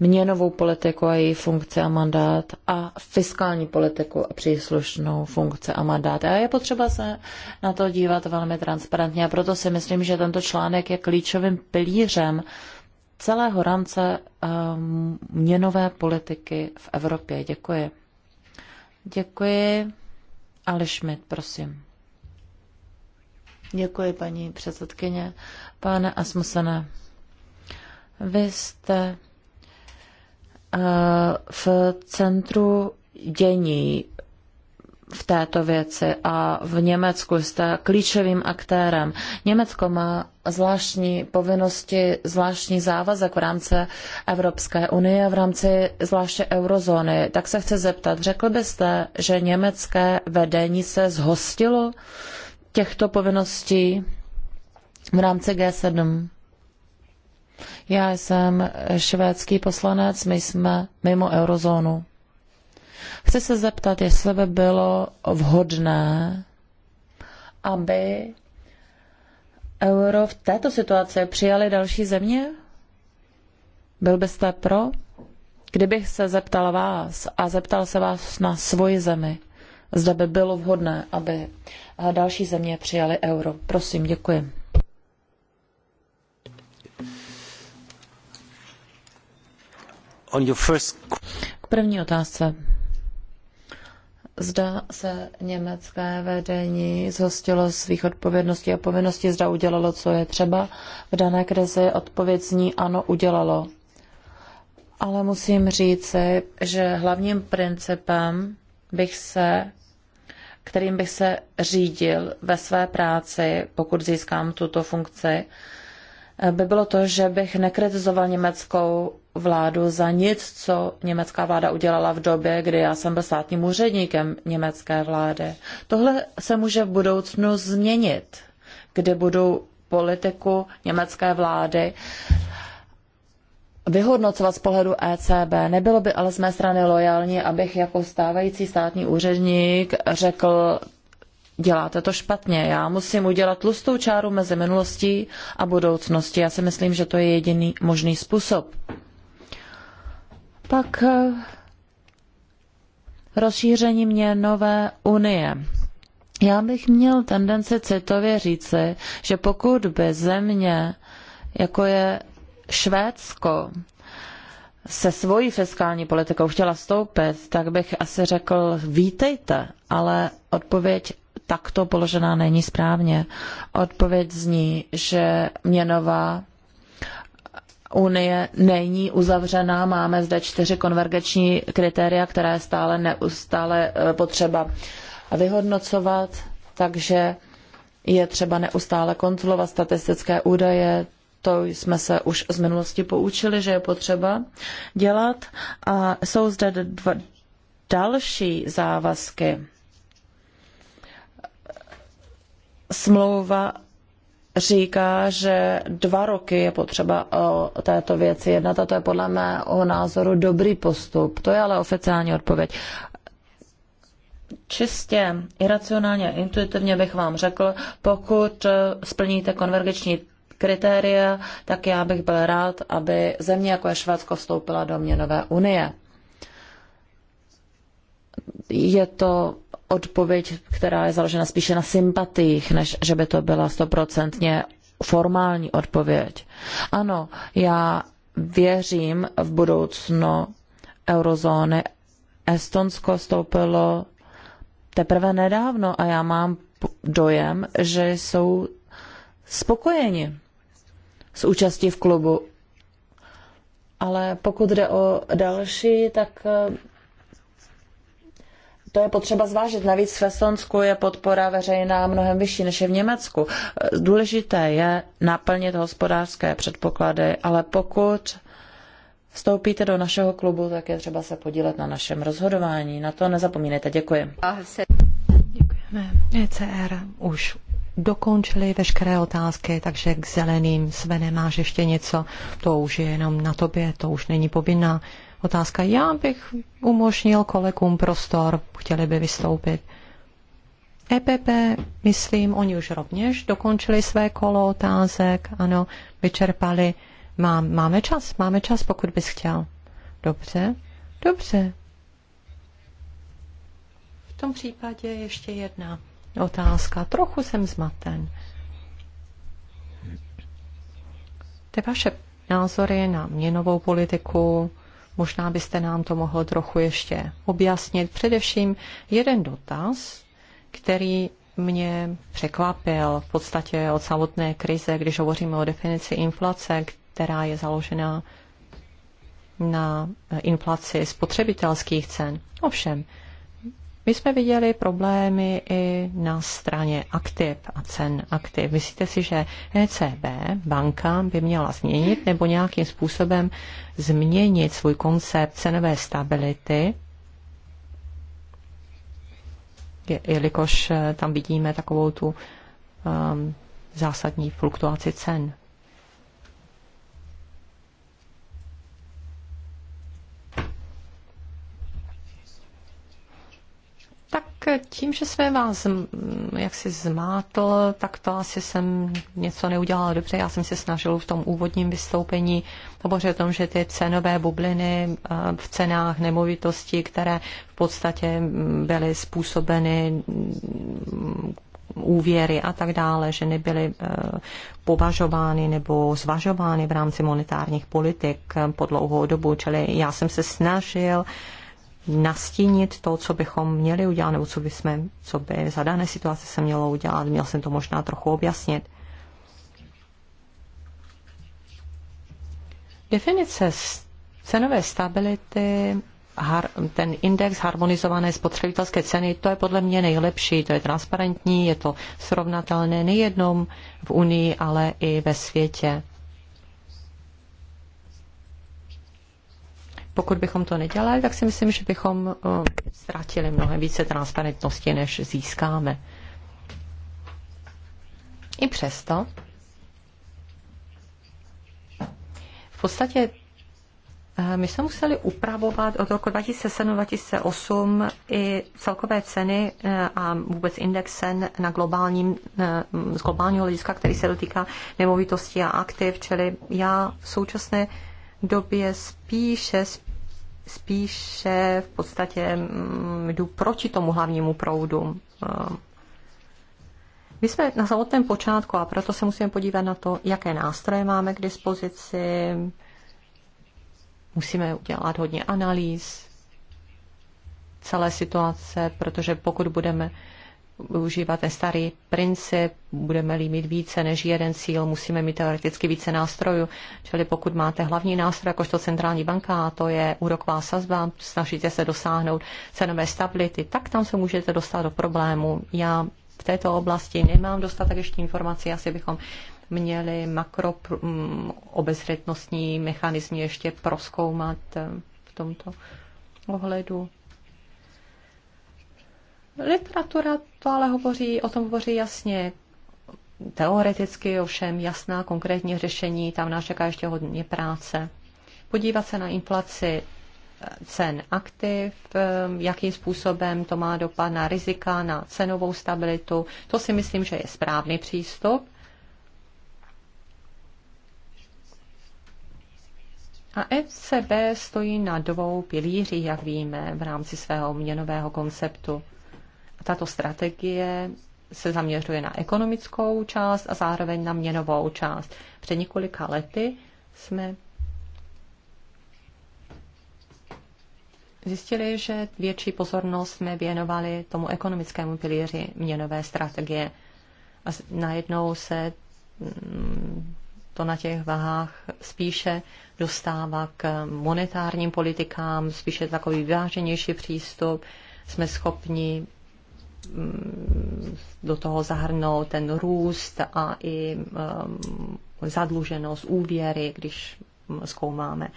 měnovou politiku a její funkce a mandát a fiskální politiku a příslušnou funkce a mandát. A je potřeba se na to dívat velmi transparentně a proto si myslím, že tento článek je klíčovým pilířem celého rámce ehm, měnové politiky v Evropě. Děkuji. Děkuji. Ale Schmidt, prosím. Děkuji, paní předsedkyně. Pane Asmusene, vy jste eh, v centru dění v této věci a v Německu jste klíčovým aktérem. Německo má zvláštní povinnosti, zvláštní závazek v rámci Evropské unie, v rámci zvláště eurozóny. Tak se chci zeptat, řekl byste, že německé vedení se zhostilo těchto povinností v rámci G7. Já jsem švédský poslanec, my jsme mimo eurozónu. Chci se zeptat, jestli by bylo vhodné, aby euro v této situaci přijali další země? Byl byste pro? Kdybych se zeptal vás a zeptal se vás na svoji zemi, zda by bylo vhodné, aby další země přijaly euro. Prosím, děkuji. On your first... K první otázce. Zda se německé vedení zhostilo svých odpovědností a povinností, zda udělalo, co je třeba. V dané krizi odpověď zní ano, udělalo. Ale musím říci, že hlavním principem bych se kterým bych se řídil ve své práci, pokud získám tuto funkci, by bylo to, že bych nekritizoval německou vládu za nic, co německá vláda udělala v době, kdy já jsem byl státním úředníkem německé vlády. Tohle se může v budoucnu změnit, kdy budou politiku německé vlády vyhodnocovat z pohledu ECB. Nebylo by ale z mé strany lojální, abych jako stávající státní úředník řekl, děláte to špatně. Já musím udělat tlustou čáru mezi minulostí a budoucností. Já si myslím, že to je jediný možný způsob. Pak eh, rozšíření mě nové unie. Já bych měl tendenci citově říci, že pokud by země, jako je Švédsko se svojí fiskální politikou chtěla stoupit, tak bych asi řekl, vítejte, ale odpověď takto položená není správně. Odpověď zní, že měnová unie není uzavřená, máme zde čtyři konvergenční kritéria, která je stále neustále e, potřeba vyhodnocovat, takže je třeba neustále kontrolovat statistické údaje, to jsme se už z minulosti poučili, že je potřeba dělat. A jsou zde dva další závazky. Smlouva říká, že dva roky je potřeba o této věci jednat a to je podle mého názoru dobrý postup. To je ale oficiální odpověď. Čistě, iracionálně, intuitivně bych vám řekl, pokud splníte konvergenční kritéria, tak já bych byl rád, aby země jako je Švédsko vstoupila do měnové unie. Je to odpověď, která je založena spíše na sympatiích, než že by to byla stoprocentně formální odpověď. Ano, já věřím v budoucno eurozóny. Estonsko vstoupilo teprve nedávno a já mám dojem, že jsou spokojeni s účastí v klubu. Ale pokud jde o další, tak eh, to je potřeba zvážit. Navíc v Estonsku je podpora veřejná mnohem vyšší než je v Německu. Eh, důležité je naplnit hospodářské předpoklady, ale pokud vstoupíte do našeho klubu, tak je třeba se podílet na našem rozhodování. Na to nezapomínejte. Děkuji. Děkujeme. ECR už dokončili veškeré otázky, takže k zeleným sve nemáš ještě něco, to už je jenom na tobě, to už není povinná otázka. Já bych umožnil kolegům prostor, chtěli by vystoupit. EPP, myslím, oni už rovněž dokončili své kolo otázek, ano, vyčerpali. Má, máme čas, máme čas, pokud bys chtěl. Dobře, dobře. V tom případě ještě jedna otázka. Trochu jsem zmaten. Ty vaše názory na měnovou politiku, možná byste nám to mohl trochu ještě objasnit. Především jeden dotaz, který mě překvapil v podstatě od samotné krize, když hovoříme o definici inflace, která je založena na inflaci spotřebitelských cen. Ovšem, my jsme viděli problémy i na straně aktiv a cen aktiv. Myslíte si, že ECB, banka, by měla změnit nebo nějakým způsobem změnit svůj koncept cenové stability, jelikož eh, tam vidíme takovou tu um, zásadní fluktuaci cen? tím, že jsme vás jaksi zmátl, tak to asi jsem něco neudělala dobře. Já jsem se snažil v tom úvodním vystoupení hovořit o tom, že ty cenové bubliny eh, v cenách nemovitostí, které v podstatě byly způsobeny úvěry a tak dále, že nebyly eh, považovány nebo zvažovány v rámci monetárních politik eh, po dlouhou dobu. Čili já jsem se snažil nastínit to, co bychom měli udělat, nebo co by, jsme, co by za dané situace se mělo udělat. Měl jsem to možná trochu objasnit. Definice cenové stability, ten index harmonizované spotřebitelské ceny, to je podle mě nejlepší, to je transparentní, je to srovnatelné nejenom v Unii, ale i ve světě. pokud bychom to nedělali, tak si myslím, že bychom eh, ztratili mnohem více transparentnosti, než získáme. I přesto, v podstatě eh, my jsme museli upravovat od roku 2007-2008 i celkové ceny eh, a vůbec index cen na globálním, z globálního hlediska, který se dotýká nemovitosti a aktiv, čili já v současné době spíše, spíše v podstatě mm, jdu proti tomu hlavnímu proudu. Ehm, my jsme na samotném počátku a proto se musíme podívat na to, jaké nástroje máme k dispozici. Musíme udělat hodně analýz celé situace, protože pokud budeme využívat ten starý princip, budeme-li mít více než jeden cíl, musíme mít teoreticky více nástrojů. Čili pokud máte hlavní nástroj, jakožto centrální banka, a to je úroková sazba, snažíte se dosáhnout cenové stability, tak tam se můžete dostat do problému. Já v této oblasti nemám dostatek ještě informací, asi bychom měli makro mm, obezřetnostní mechanizmy ještě proskoumat eh, v tomto ohledu. Literatura to ale hovoří, o tom hovoří jasně. Teoreticky ovšem jasná konkrétní řešení, tam nás čeká ještě hodně práce. Podívat se na inflaci eh, cen aktiv, eh, jakým způsobem to má dopad na rizika, na cenovou stabilitu. To si myslím, že je správný přístup. A ECB stojí na dvou pilířích, jak víme, v rámci svého měnového konceptu. Tato strategie se zaměřuje na ekonomickou část a zároveň na měnovou část. Před několika lety jsme zjistili, že větší pozornost jsme věnovali tomu ekonomickému pilíři měnové strategie. A najednou se mm, to na těch vahách spíše dostává k monetárním politikám, spíše takový vyváženější přístup. Jsme schopni Mm, do toho zahrnout ten růst a i mm, zadluženost, úvěry, když mm, zkoumáme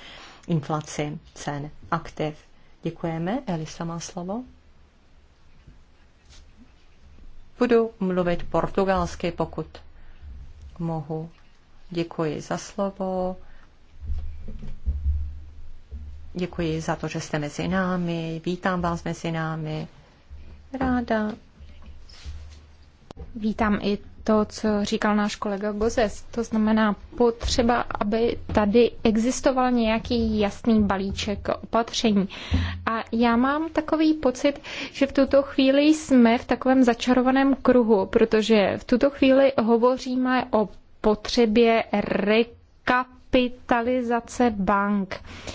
inflaci cen aktiv. Děkujeme. Elisa má slovo. Budu mluvit portugalsky, pokud mohu. Děkuji za slovo. Děkuji za to, že jste mezi námi. Vítám vás mezi námi ráda. Vítám i to, co říkal náš kolega Gozes. To znamená potřeba, aby tady existoval nějaký jasný balíček opatření. A já mám takový pocit, že v tuto chvíli jsme v takovém začarovaném kruhu, protože v tuto chvíli hovoříme o potřebě rekapitalizace bank. Uh,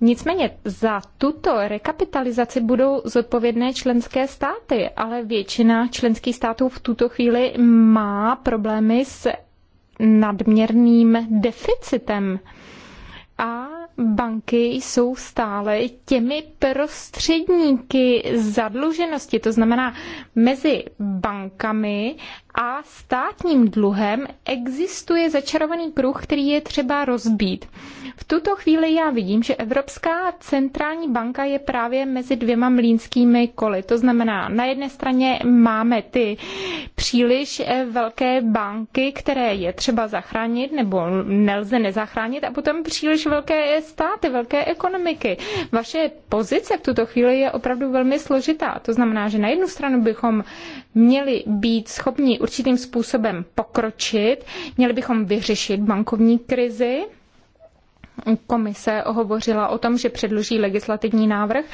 Nicméně za tuto rekapitalizaci budou zodpovědné členské státy, ale většina členských států v tuto chvíli má problémy s nadměrným deficitem. A banky jsou stále těmi prostředníky zadluženosti, to znamená mezi bankami a státním dluhem existuje začarovaný kruh, který je třeba rozbít. V tuto chvíli já vidím, že Evropská centrální banka je právě mezi dvěma mlínskými koly. To znamená, na jedné straně máme ty příliš eh, velké banky, které je třeba zachránit nebo nelze nezachránit a potom příliš velké státy, velké ekonomiky. Vaše pozice v tuto chvíli je opravdu velmi složitá. To znamená, že na jednu stranu bychom měli být schopni určitým způsobem pokročit, měli bychom vyřešit bankovní krizi komise hovořila o tom, že předloží legislativní návrh,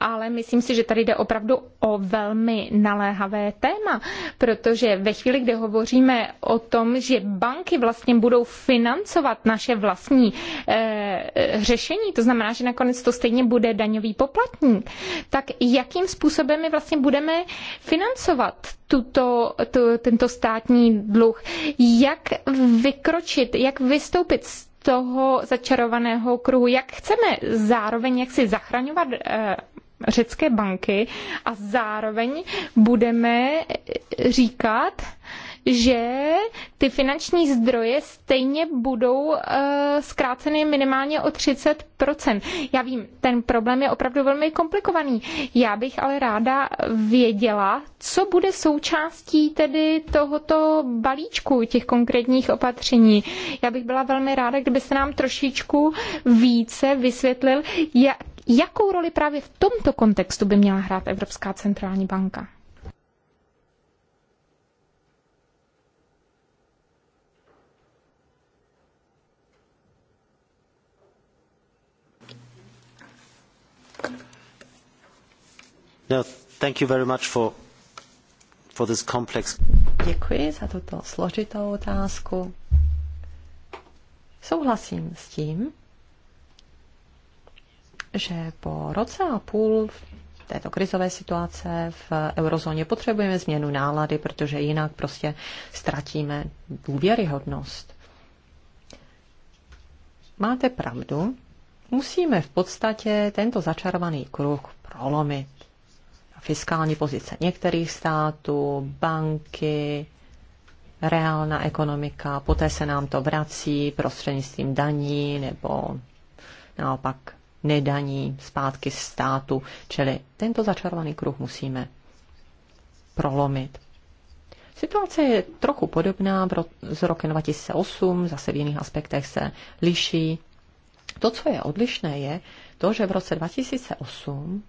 ale myslím si, že tady jde opravdu o velmi naléhavé téma, protože ve chvíli, kdy hovoříme o tom, že banky vlastně budou financovat naše vlastní eh, řešení, to znamená, že nakonec to stejně bude daňový poplatník, tak jakým způsobem my vlastně budeme financovat tuto, tu, tento státní dluh? Jak vykročit, jak vystoupit z toho začarovaného kruhu. Jak chceme zároveň jak si zachraňovat eh, řecké banky a zároveň budeme říkat, že ty finanční zdroje stejně budou eh, zkráceny minimálně o 30%. Já vím, ten problém je opravdu velmi komplikovaný. Já bych ale ráda věděla, co bude součástí tedy tohoto balíčku těch konkrétních opatření. Já bych byla velmi ráda, kdybyste nám trošičku více vysvětlil, jak, jakou roli právě v tomto kontextu by měla hrát Evropská centrální banka. No, Děkuji za tuto složitou otázku. Souhlasím s tím, že po roce a půl této krizové situace v eurozóně potřebujeme změnu nálady, protože jinak prostě ztratíme důvěryhodnost. Máte pravdu, musíme v podstatě tento začarovaný kruh prolomit fiskální pozice některých států, banky, reálná ekonomika, poté se nám to vrací prostřednictvím daní nebo naopak nedaní zpátky státu. Čili tento začarovaný kruh musíme prolomit. Situace je trochu podobná z roku 2008, zase v jiných aspektech se liší. To, co je odlišné, je to, že v roce 2008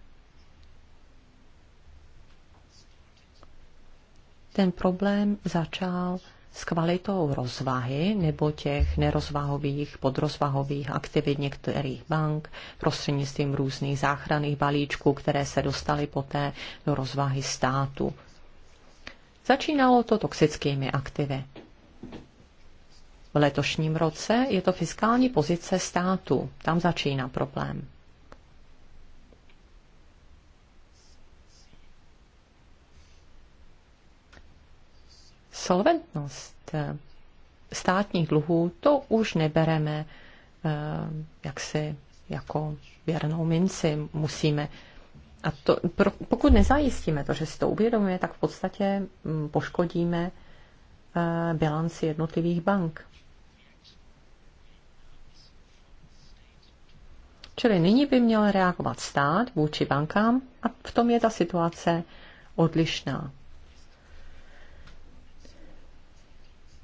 ten problém začal s kvalitou rozvahy nebo těch nerozvahových, podrozvahových aktivit některých bank prostřednictvím různých záchranných balíčků, které se dostaly poté do rozvahy státu. Začínalo to toxickými aktivy. V letošním roce je to fiskální pozice státu. Tam začíná problém. solventnost eh, státních dluhů, to už nebereme eh, jaksi jako věrnou minci. Musíme a to, pokud nezajistíme to, že si to uvědomuje, tak v podstatě mm, poškodíme eh, bilanci jednotlivých bank. Čili nyní by měl reagovat stát vůči bankám a v tom je ta situace odlišná.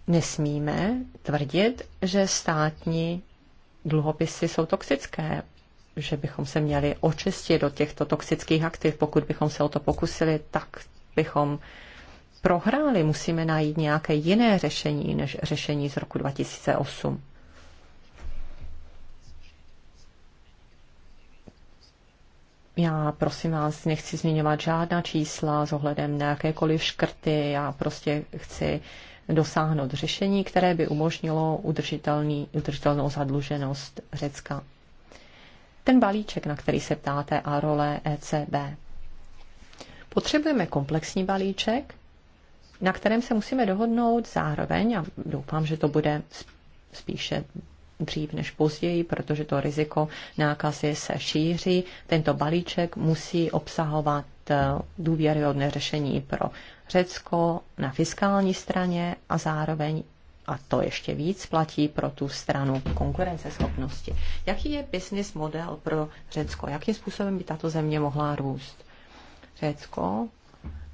nesmíme tvrdit, že státní dluhopisy jsou toxické, že bychom se měli očistit do těchto toxických aktiv. Pokud bychom se o to pokusili, tak bychom prohráli. Musíme najít nějaké jiné řešení než řešení z roku 2008. já prosím vás, nechci zmiňovat žádná čísla s ohledem na jakékoliv škrty, já prostě chci dosáhnout řešení, které by umožnilo udržitelný, udržitelnou zadluženost Řecka. Ten balíček, na který se ptáte, a role ECB. Potřebujeme komplexní balíček, na kterém se musíme dohodnout zároveň, a doufám, že to bude spíše dřív než později, protože to riziko nákazy se šíří. Tento balíček musí obsahovat eh, důvěryhodné řešení pro Řecko na fiskální straně a zároveň a to ještě víc platí pro tu stranu konkurenceschopnosti. Jaký je business model pro Řecko? Jakým způsobem by tato země mohla růst? Řecko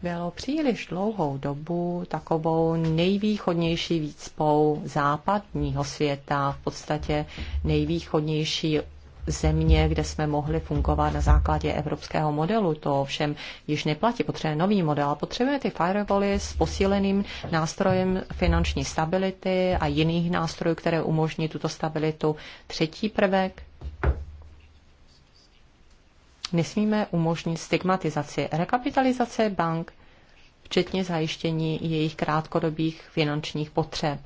bylo příliš dlouhou dobu takovou nejvýchodnější výcpou západního světa, v podstatě nejvýchodnější země, kde jsme mohli fungovat na základě evropského modelu. To ovšem již neplatí. potřebuje nový model a potřebujeme ty firewally s posíleným nástrojem finanční stability a jiných nástrojů, které umožní tuto stabilitu. Třetí prvek Nesmíme umožnit stigmatizaci. Rekapitalizace bank, včetně zajištění jejich krátkodobých finančních potřeb.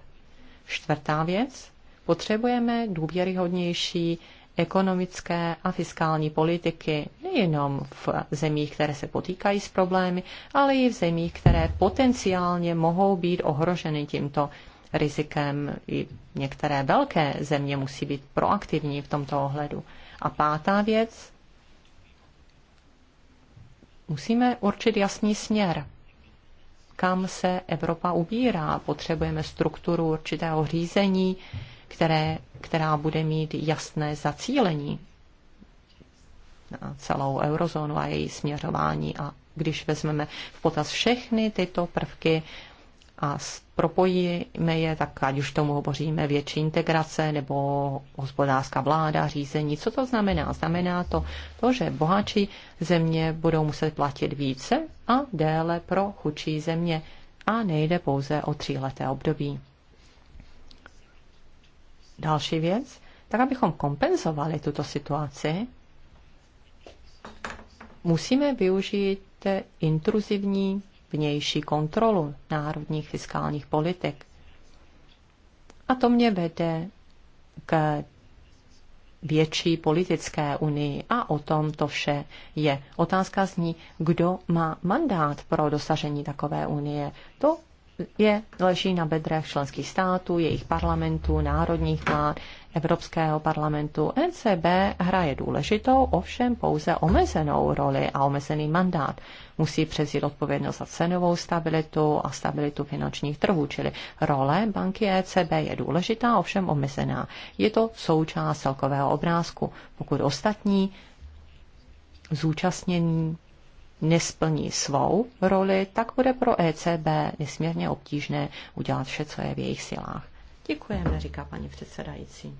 Čtvrtá věc. Potřebujeme důvěryhodnější ekonomické a fiskální politiky nejenom v zemích, které se potýkají s problémy, ale i v zemích, které potenciálně mohou být ohroženy tímto rizikem. I některé velké země musí být proaktivní v tomto ohledu. A pátá věc, Musíme určit jasný směr, kam se Evropa ubírá. Potřebujeme strukturu určitého řízení, které, která bude mít jasné zacílení na celou eurozónu a její směřování. A když vezmeme v potaz všechny tyto prvky, a propojíme je, tak ať už tomu hovoříme větší integrace nebo hospodářská vláda, řízení. Co to znamená? Znamená to to, že bohatší země budou muset platit více a déle pro chudší země a nejde pouze o tříleté období. Další věc, tak abychom kompenzovali tuto situaci, musíme využít intruzivní vnější kontrolu národních fiskálních politik. A to mě vede k větší politické unii a o tom to vše je. Otázka zní, kdo má mandát pro dosažení takové unie. To je, leží na bedrech členských států, jejich parlamentů, národních vlád, Evropského parlamentu. ECB hraje důležitou, ovšem pouze omezenou roli a omezený mandát. Musí přezít odpovědnost za cenovou stabilitu a stabilitu finančních trhů, čili role banky ECB je důležitá, ovšem omezená. Je to součást celkového obrázku. Pokud ostatní zúčastnění nesplní svou roli, tak bude pro ECB nesmírně obtížné udělat vše, co je v jejich silách. Děkujeme, říká paní předsedající.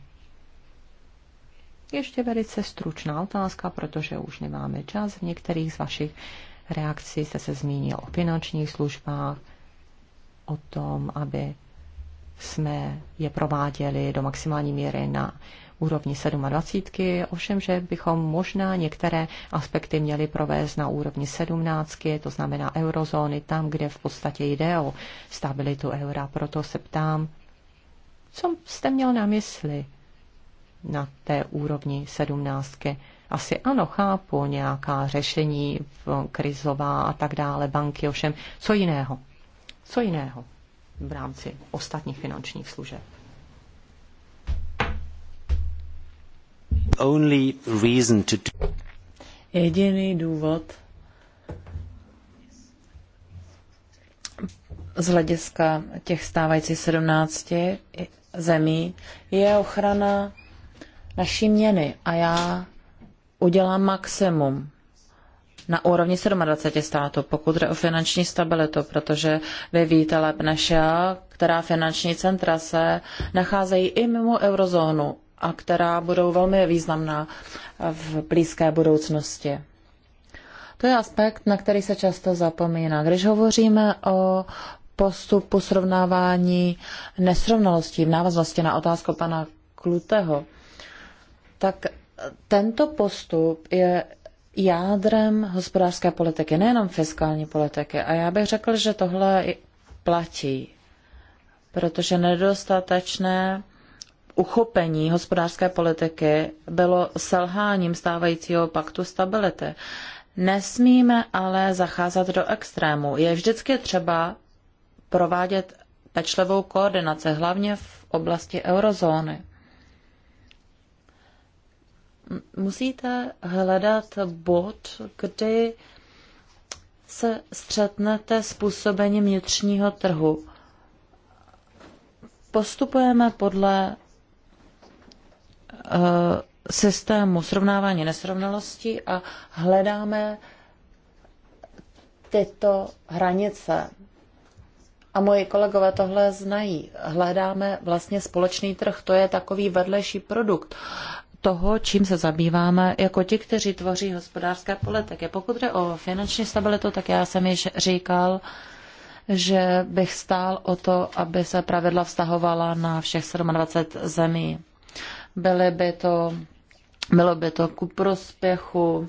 Ještě velice stručná otázka, protože už nemáme čas. V některých z vašich reakcí jste se zmínil o finančních službách, o tom, aby jsme je prováděli do maximální míry na úrovni 27, ovšem, že bychom možná některé aspekty měli provést na úrovni 17, to znamená eurozóny, tam, kde v podstatě jde o stabilitu eura. Proto se ptám, co jste měl na mysli na té úrovni 17? Asi ano, chápu nějaká řešení krizová a tak dále, banky, ovšem, co jiného? Co jiného v rámci ostatních finančních služeb? Only reason to... Jediný důvod z hlediska těch stávajících 17 zemí je ochrana naší měny a já udělám maximum na úrovni 27 států, pokud jde o finanční stabilitu, protože vy víte lépe než já, která finanční centra se nacházejí i mimo eurozónu a která budou velmi významná v blízké budoucnosti. To je aspekt, na který se často zapomíná. Když hovoříme o postupu srovnávání nesrovnalostí v návaznosti na otázku pana Kluteho, tak tento postup je jádrem hospodářské politiky, nejenom fiskální politiky. A já bych řekl, že tohle platí, protože nedostatečné uchopení hospodářské politiky bylo selháním stávajícího paktu stability. Nesmíme ale zacházet do extrému. Je vždycky třeba provádět pečlivou koordinaci, hlavně v oblasti eurozóny. Musíte hledat bod, kdy se střetnete s působením vnitřního trhu. Postupujeme podle Eh, systému srovnávání nesrovnalosti a hledáme tyto hranice. A moji kolegové tohle znají. Hledáme vlastně společný trh, to je takový vedlejší produkt toho, čím se zabýváme, jako ti, kteří tvoří hospodářské politiky. Pokud jde o finanční stabilitu, tak já jsem již říkal, že bych stál o to, aby se pravidla vztahovala na všech 27 zemí byly by to, bylo by to ku prospěchu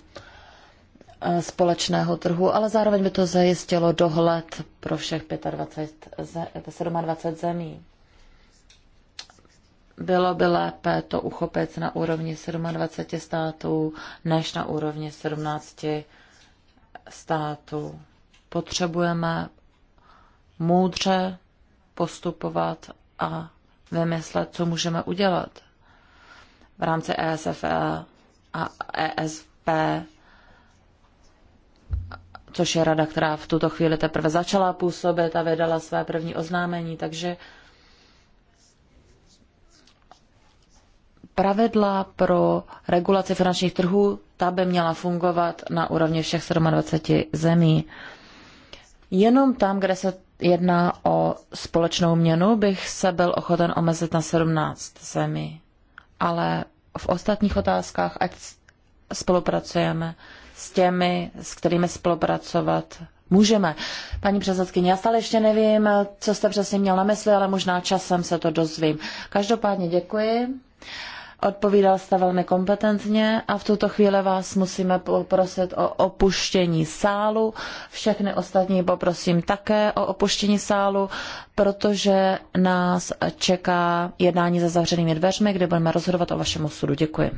eh, společného trhu, ale zároveň by to zajistilo dohled pro všech 25, 27 zemí. Bylo by lépe to uchopit na úrovni 27 států než na úrovni 17 států. Potřebujeme moudře postupovat a vymyslet, co můžeme udělat v rámci ESF e, a ESP, což je rada, která v tuto chvíli teprve začala působit a vydala své první oznámení, takže pravidla pro regulaci finančních trhů, ta by měla fungovat na úrovni všech 27 zemí. Jenom tam, kde se jedná o společnou měnu, bych se byl ochoten omezit na 17 zemí ale v ostatních otázkách, ať spolupracujeme s těmi, s kterými spolupracovat můžeme. Paní předsedkyně, já stále ještě nevím, co jste přesně měl na mysli, ale možná časem se to dozvím. Každopádně děkuji. Odpovídal jste velmi kompetentně a v tuto chvíli vás musíme poprosit o opuštění sálu. Všechny ostatní poprosím také o opuštění sálu, protože nás čeká jednání za zavřenými dveřmi, kde budeme rozhodovat o vašem osudu. Děkuji.